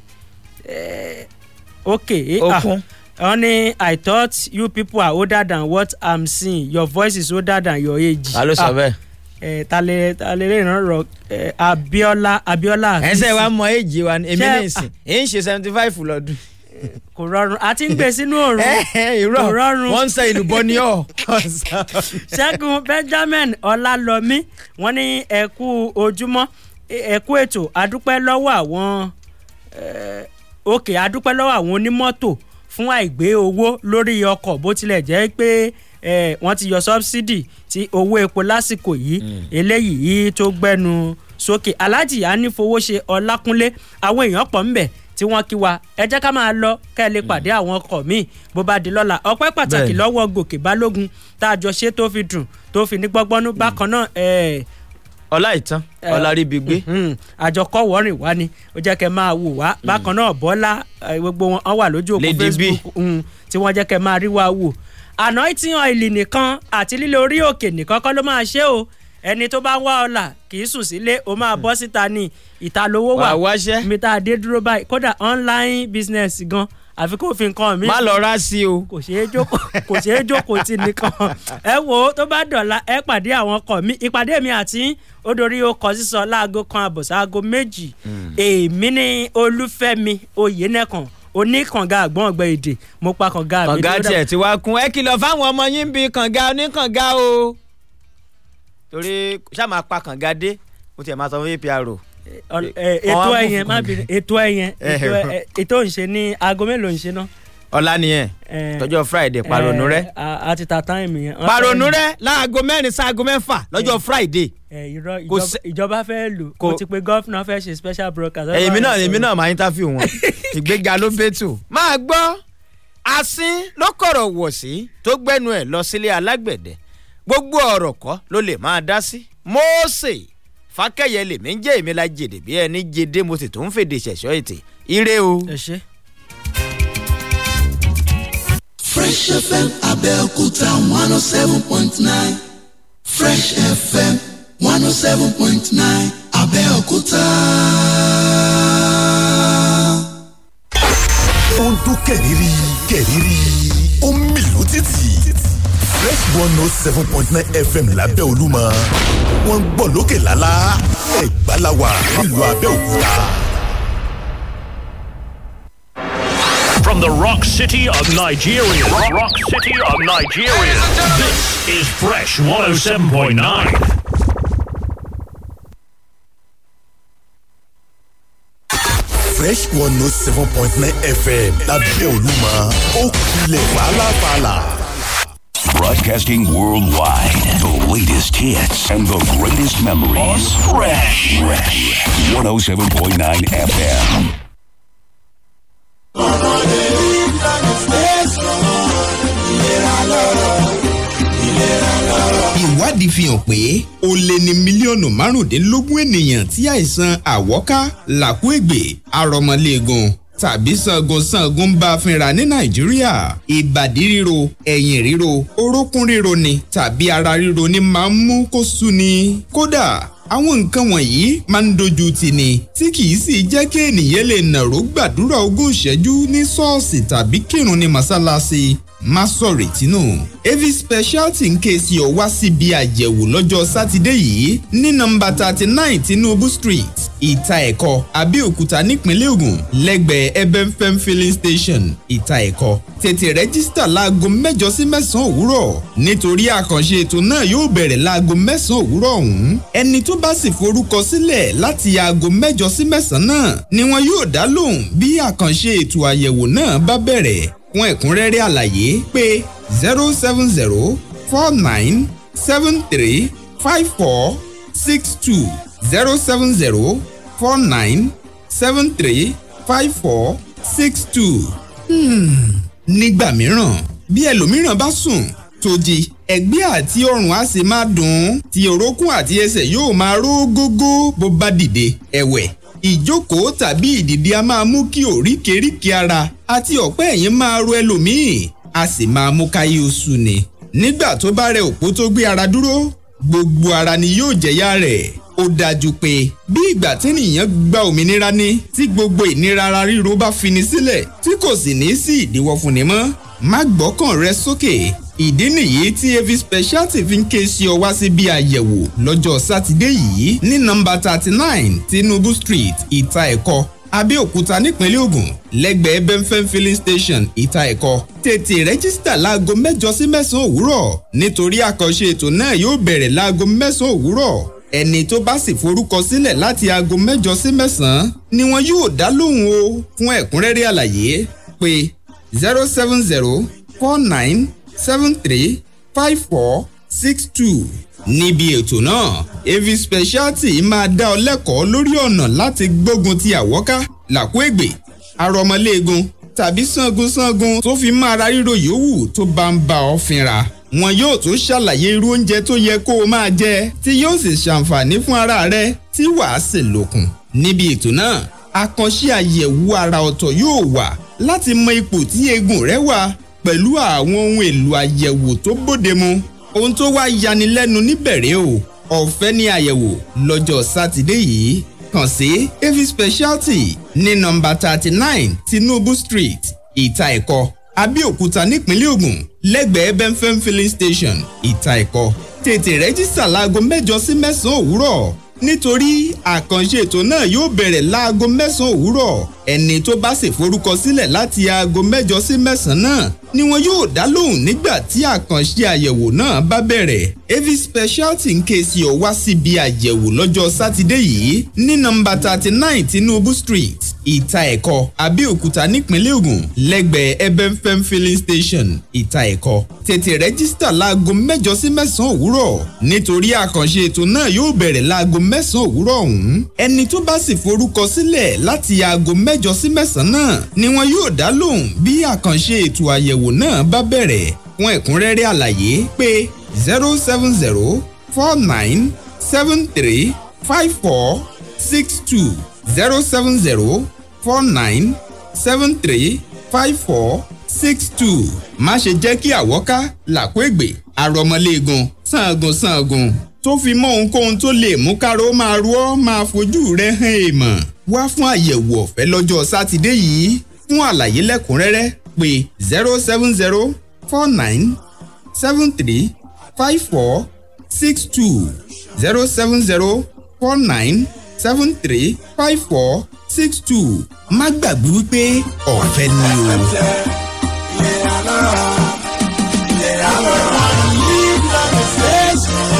òkè é okun honey i thought you people are older than what i'm seeing your voice is older than your age. alo sọ ah, bẹ́ẹ̀. ẹ eh, talẹ talẹ lè ràn rọ ẹ eh, abiola abiola. ẹsẹ̀ wa mọ èjì wa ni èmi ní ìsìn èyí ń ṣe seventy five lọ́dún. kò rọrùn àti ń gbé sínú òòrùn eh, kò rọrùn. wọ́n ń sẹ́ ìlú bọ́ ní ọ̀. ṣẹ́gun benjamin ọlálọ́mí wọ́n ní ẹ̀kú ojúmọ́ ẹ̀kú ètò adúpẹ́ lọ́wọ́ àwọn òkè adúpẹ́ lọ́wọ́ àwọn onímọ́tò fún àìgbé owó lórí ọkọ̀ bó tilẹ̀ jẹ́ pé wọ́n ti yọ sọ́bsidì ti owó epo lásìkò yìí hmm. eléyìí tó gbẹ́nu sókè aláàjì ànífowóṣe ọlákúnlé àwọn èèyàn pọ̀ ńbẹ̀ tí wọ́n kí wa ẹ jẹ́ ká máa lọ kẹ́ ẹ lè hmm. pàdé àwọn ọkọ̀ míì bó bá di lọ́la ọpẹ́ pàtàkì lọ́wọ́ gòkè balógun tá a jọ ṣe tó fi dùn tó fi ní gbọ́gbọ́nú hmm. bákan náà ọlá ìtàn ọláríbi gbé. Mhm. àjọkọ wọrin wá ni ó jẹ́ kẹ́ máa wò wá mm. bákan náà bọ́lá gbogbo wọn wà lójú òkú facebook mhm, tí wọ́n jẹ́ kẹ́ máa rí wá wò. anointing oil nìkan àti lílo orí òkè nìkan kọ́ ló máa ṣe o ẹni tó bá wá ọ̀la kì í sùn sílé o máa bọ́ síta ní ìta lówó wà mí tá a dé dúró báyìí kódà online business gan àfi kó fi nǹkan mi. má lọ rá sí o. kò ṣeé jókòó kò ṣeé jókòó ti nìkan. ẹ wo tó bá dọ̀la ẹ pàdé àwọn ọkọ mi ìpàdé mi àti ó dorí ọkọ̀ sísọ láago kan àbọ̀ sáago méjì. Hmm. èmi ní olúfẹ́mi oyènẹ́kan oníkànga àgbọ̀n ọ̀gbẹ́ èdè mo pa kànga mi. kànga tiẹ̀ ti wá kun ẹ kìlọ̀ fáwọn ọmọ yín bíi kànga oníkànga o. torí ṣáà máa pa kànga dé mo tiẹ̀ máa sọ fún apr E- e- ètò ẹyẹn má bínú ètò ẹyẹn ètò ìṣe ní aago mélòó ìṣe náà. ọ̀la nìyẹn tọjọ́ friday paronu rẹ. a ti ta táìmù yẹn. paronu rẹ láago mẹ́rin sáago mẹ́fà lọ́jọ́ friday. irọ́ ìjọba fẹ́ lù kò ti pe gọ́fìnà fẹ́ ṣe special broadcast. èmi náà èmi náà máa interview wọn ìgbéga ló bẹ́tù. máa gbọ́ asin ló kọ̀rọ̀ wọ̀ sí tó gbẹ́nu ẹ̀ lọ sílé alágbẹ̀dẹ gbogbo ọ̀rọ̀ kọ́ ló lè máa dá sí. mọ́ọ́sẹ̀ fákẹ́yẹ lèmi ń jẹ́ èmi la jèdè bí ẹni jèdè mo sì tún fèdè ṣẹ̀ṣọ́ ètè ire o. ẹ Fresh FM Abẹ́òkúta one oh seven point nine Fresh FM one oh seven point nine Abẹ́òkúta. ó ń dún kẹ̀rìírí ó ń mìlú títì fresh oh fm lábẹ́ olúmọ wọ́n ń gbọ́ lókè lálá nílùú abẹ́òkúta. From the rock city of Nigeria, rock city of Nigeria, this is Fresh 107.9. fresh one note oh seven point nine fm oh lábẹ́ olúmọ ó kulẹ̀ fàlàfàlà. Broadcasting worldwide. The latest hits and the greatest memories. On Fresh. Fresh. 107.9 FM. ìwádìí fi hàn pé ó lé ní mílíọ̀nù márùndínlógún ènìyàn tí àìsàn àwọ́ká làkúègbè arọmọléegun tàbí sangunsangun ń bá a fínra ní nàìjíríà ìbàdí ríro ẹ̀yìn ríro orókún ríro ni tàbí ara ríro ni máa ń mú kó sú ni kódà àwọn nǹkan wọ̀nyí máa ń dojú tì ní tí kìí sì jẹ́ kí ènìyàn lè nàró gbàdúrà ogún ìṣẹ́jú ní ṣọ́ọ̀ṣì tàbí kírun ní mọ́sálásí má sọ̀rọ̀ ìtinú. avi speciality ń ké sí ọ wá síbi àyẹ̀wò lọ́jọ́ sátidé yìí ní nọ́mbà thirty nine tinubu street ìta ẹ̀kọ́ abẹ́òkúta nípínlẹ̀ ògùn lẹ́gbẹ̀ẹ́ ebenfem filling station ìta ẹ̀kọ́ tètè rẹ́jísítà láago mẹ́jọ sí mẹ́sàn-án òwúrọ̀ nítorí àkànṣe ètò náà yóò bẹ̀rẹ̀ láago mẹ́sàn-án òwúrọ̀ ọ̀hún ẹni tó bá sì forúkọ sílẹ̀ láti aago mẹ́jọ sí mẹ́sàn-án náà ni wọn yóò dá lóhùn bí àkànṣe ètò àyẹ̀wò náà bá bẹ̀rẹ̀ fún ẹ̀kúnrẹ́rẹ́ àlàyé pé zero seven zero four nine seven three five four six two zero seven zero four nine seven three five four six two. Hmm, nígbà mìíràn bí ẹlòmíràn bá sùn tó jí ẹ̀gbẹ́ àti ọrùn á sì máa dùn ún tí orókùn àti ẹsẹ̀ yóò máa ró gógó bó bá dìde ẹ̀wẹ̀ ìjókòó tàbí ìdìde a máa mú kí òríkèríkè ara àti ọ̀pẹ́ ẹ̀yìn máa ro ẹlòmíì a sì máa mú káyé oṣù ni. nígbà tó bá rẹ òpó tó gbé ara dúró gbogbo ara ni yóò jẹ̀yà rẹ̀ ó dájú pé bí ìgbà tí ènìyàn gba òmìnira ni tí gbogbo ìnira ara ríro bá fini sílẹ̀ tí kò sì ní sí ìdíwọ́ fúnni mọ́ má gbọ́kàn rẹ sókè ìdí nìyí tí evi speciality fi ń ké sí ọ wá síbi àyẹ̀wò lọ́jọ́ sátidé yìí ní nọ́mbà thirty nine tinubu street ìta ẹ̀kọ́ abẹ́òkúta nípínlẹ̀ ògùn lẹ́gbẹ̀ẹ́ benfen filling station ìta ẹ̀kọ́ tètè rẹ́jísítà láago mẹ́jọ sí mẹ́sàn-án òwúrọ̀ nítorí àkànṣe ètò náà yóò bẹ̀rẹ̀ láago mẹ́sàn-án òwúrọ̀ ẹni tó bá sì forúkọ sílẹ̀ láti aago mẹ́jọ sí mẹ́sàn-án ni wọn yóò dá lóhùn o fún ẹ̀kúnrẹ́rẹ́ àlàyé pé zero seven zero four nine seven three five four six two. níbi ètò náà avis speciality máa dá ọ lẹ́kọ̀ọ́ lórí ọ̀nà láti gbógun ti àwọ́ká làkúègbè arọmọléegun tàbí sangunsangun tó fi máa ra ríro yòówù tó bá ń bá ọ fínra wọn yóò tún ṣàlàyé irú oúnjẹ tó yẹ kó o máa jẹ tí yóò sì ṣàǹfààní fún ara rẹ tí wàá sì lòkùn níbi ètò náà àkànṣe àyẹ̀wò àrà ọ̀tọ̀ yóò wà láti mọ ipò tí eegun rẹ wà pẹ̀lú àwọn ohun èlò àyẹ̀wò tó bóde mu ohun tó wá yanilẹ́nu níbẹ̀rẹ̀ o ọ̀fẹ́ ní àyẹ̀wò lọ́jọ́ sátidé yìí kàn sí avi speciality ní nọ́mbà thirty nine Tinubu Street ìta ẹ̀kọ́ Abẹ́òkúta nípínlẹ̀ Ògùn lẹ́gbẹ̀ẹ́ benfem filling station ìta ẹ̀kọ́ tètè rẹ́jísítà láago mẹ́jọ sí mẹ́sàn-án òwúrọ̀ nítorí àkànṣe ètò náà yóò bẹ̀rẹ̀ láago mẹ́sàn-án òwúrọ̀ ẹni tó bá sì forúkọ sílẹ̀ láti aago mẹ́jọ sí mẹ́sàn-án ni wọn yóò dá lóhùn nígbà tí àkànṣe àyẹ̀wò náà bá bẹ̀rẹ̀. avi speciality ń ké sí ọ wá síbi àyẹ̀wò lọ́jọ́ sátidé yìí ní nọ́mbà thirty nine Tinubu Street ìta ẹ̀kọ́ Abẹ́òkúta nípínlẹ̀ Ògùn lẹ́gbẹ̀ẹ́ Ebenfem filling station ìta ẹ̀kọ́ tètè rẹ́gísítà láago mẹ́jọ sí mẹ́sàn-án òwúrọ̀ nítorí àkànṣe ètò náà yóò bẹ̀rẹ̀ láago mẹ́sàn-án òwúrọ̀ ọ̀hún ẹni tó bá sì forúkọ sílẹ̀ láti aago mẹ́ mẹ́jọ sí mẹ́sàn-án ni wọn yóò dá lóhùn bí àkànṣe ètò àyẹ̀wò náà bá bẹ̀rẹ̀ fún ẹ̀kúnrẹ́rẹ́ àlàyé pé zero seven zero four nine seven three five four six two zero seven zero four nine seven three five four six two má ṣe jẹ́ kí àwọ́ká làkúègbè àrọ̀mọ́lẹ́gùn sàngùn sàngùn tó fi mọ́ ohunkóhun tó lè mú káró máa rú ọ́ máa fojú rẹ̀ hàn èèmọ̀ wá fún àyẹ̀wò ọ̀fẹ́ lọ́jọ́ sátidé yìí fún àlàyé lẹ́kùnrẹ́rẹ́ pé zero seven zero four nine seven three five four six two zero seven zero four nine seven three five four six two má gbàgbé wípé ọ̀fẹ́ ni o.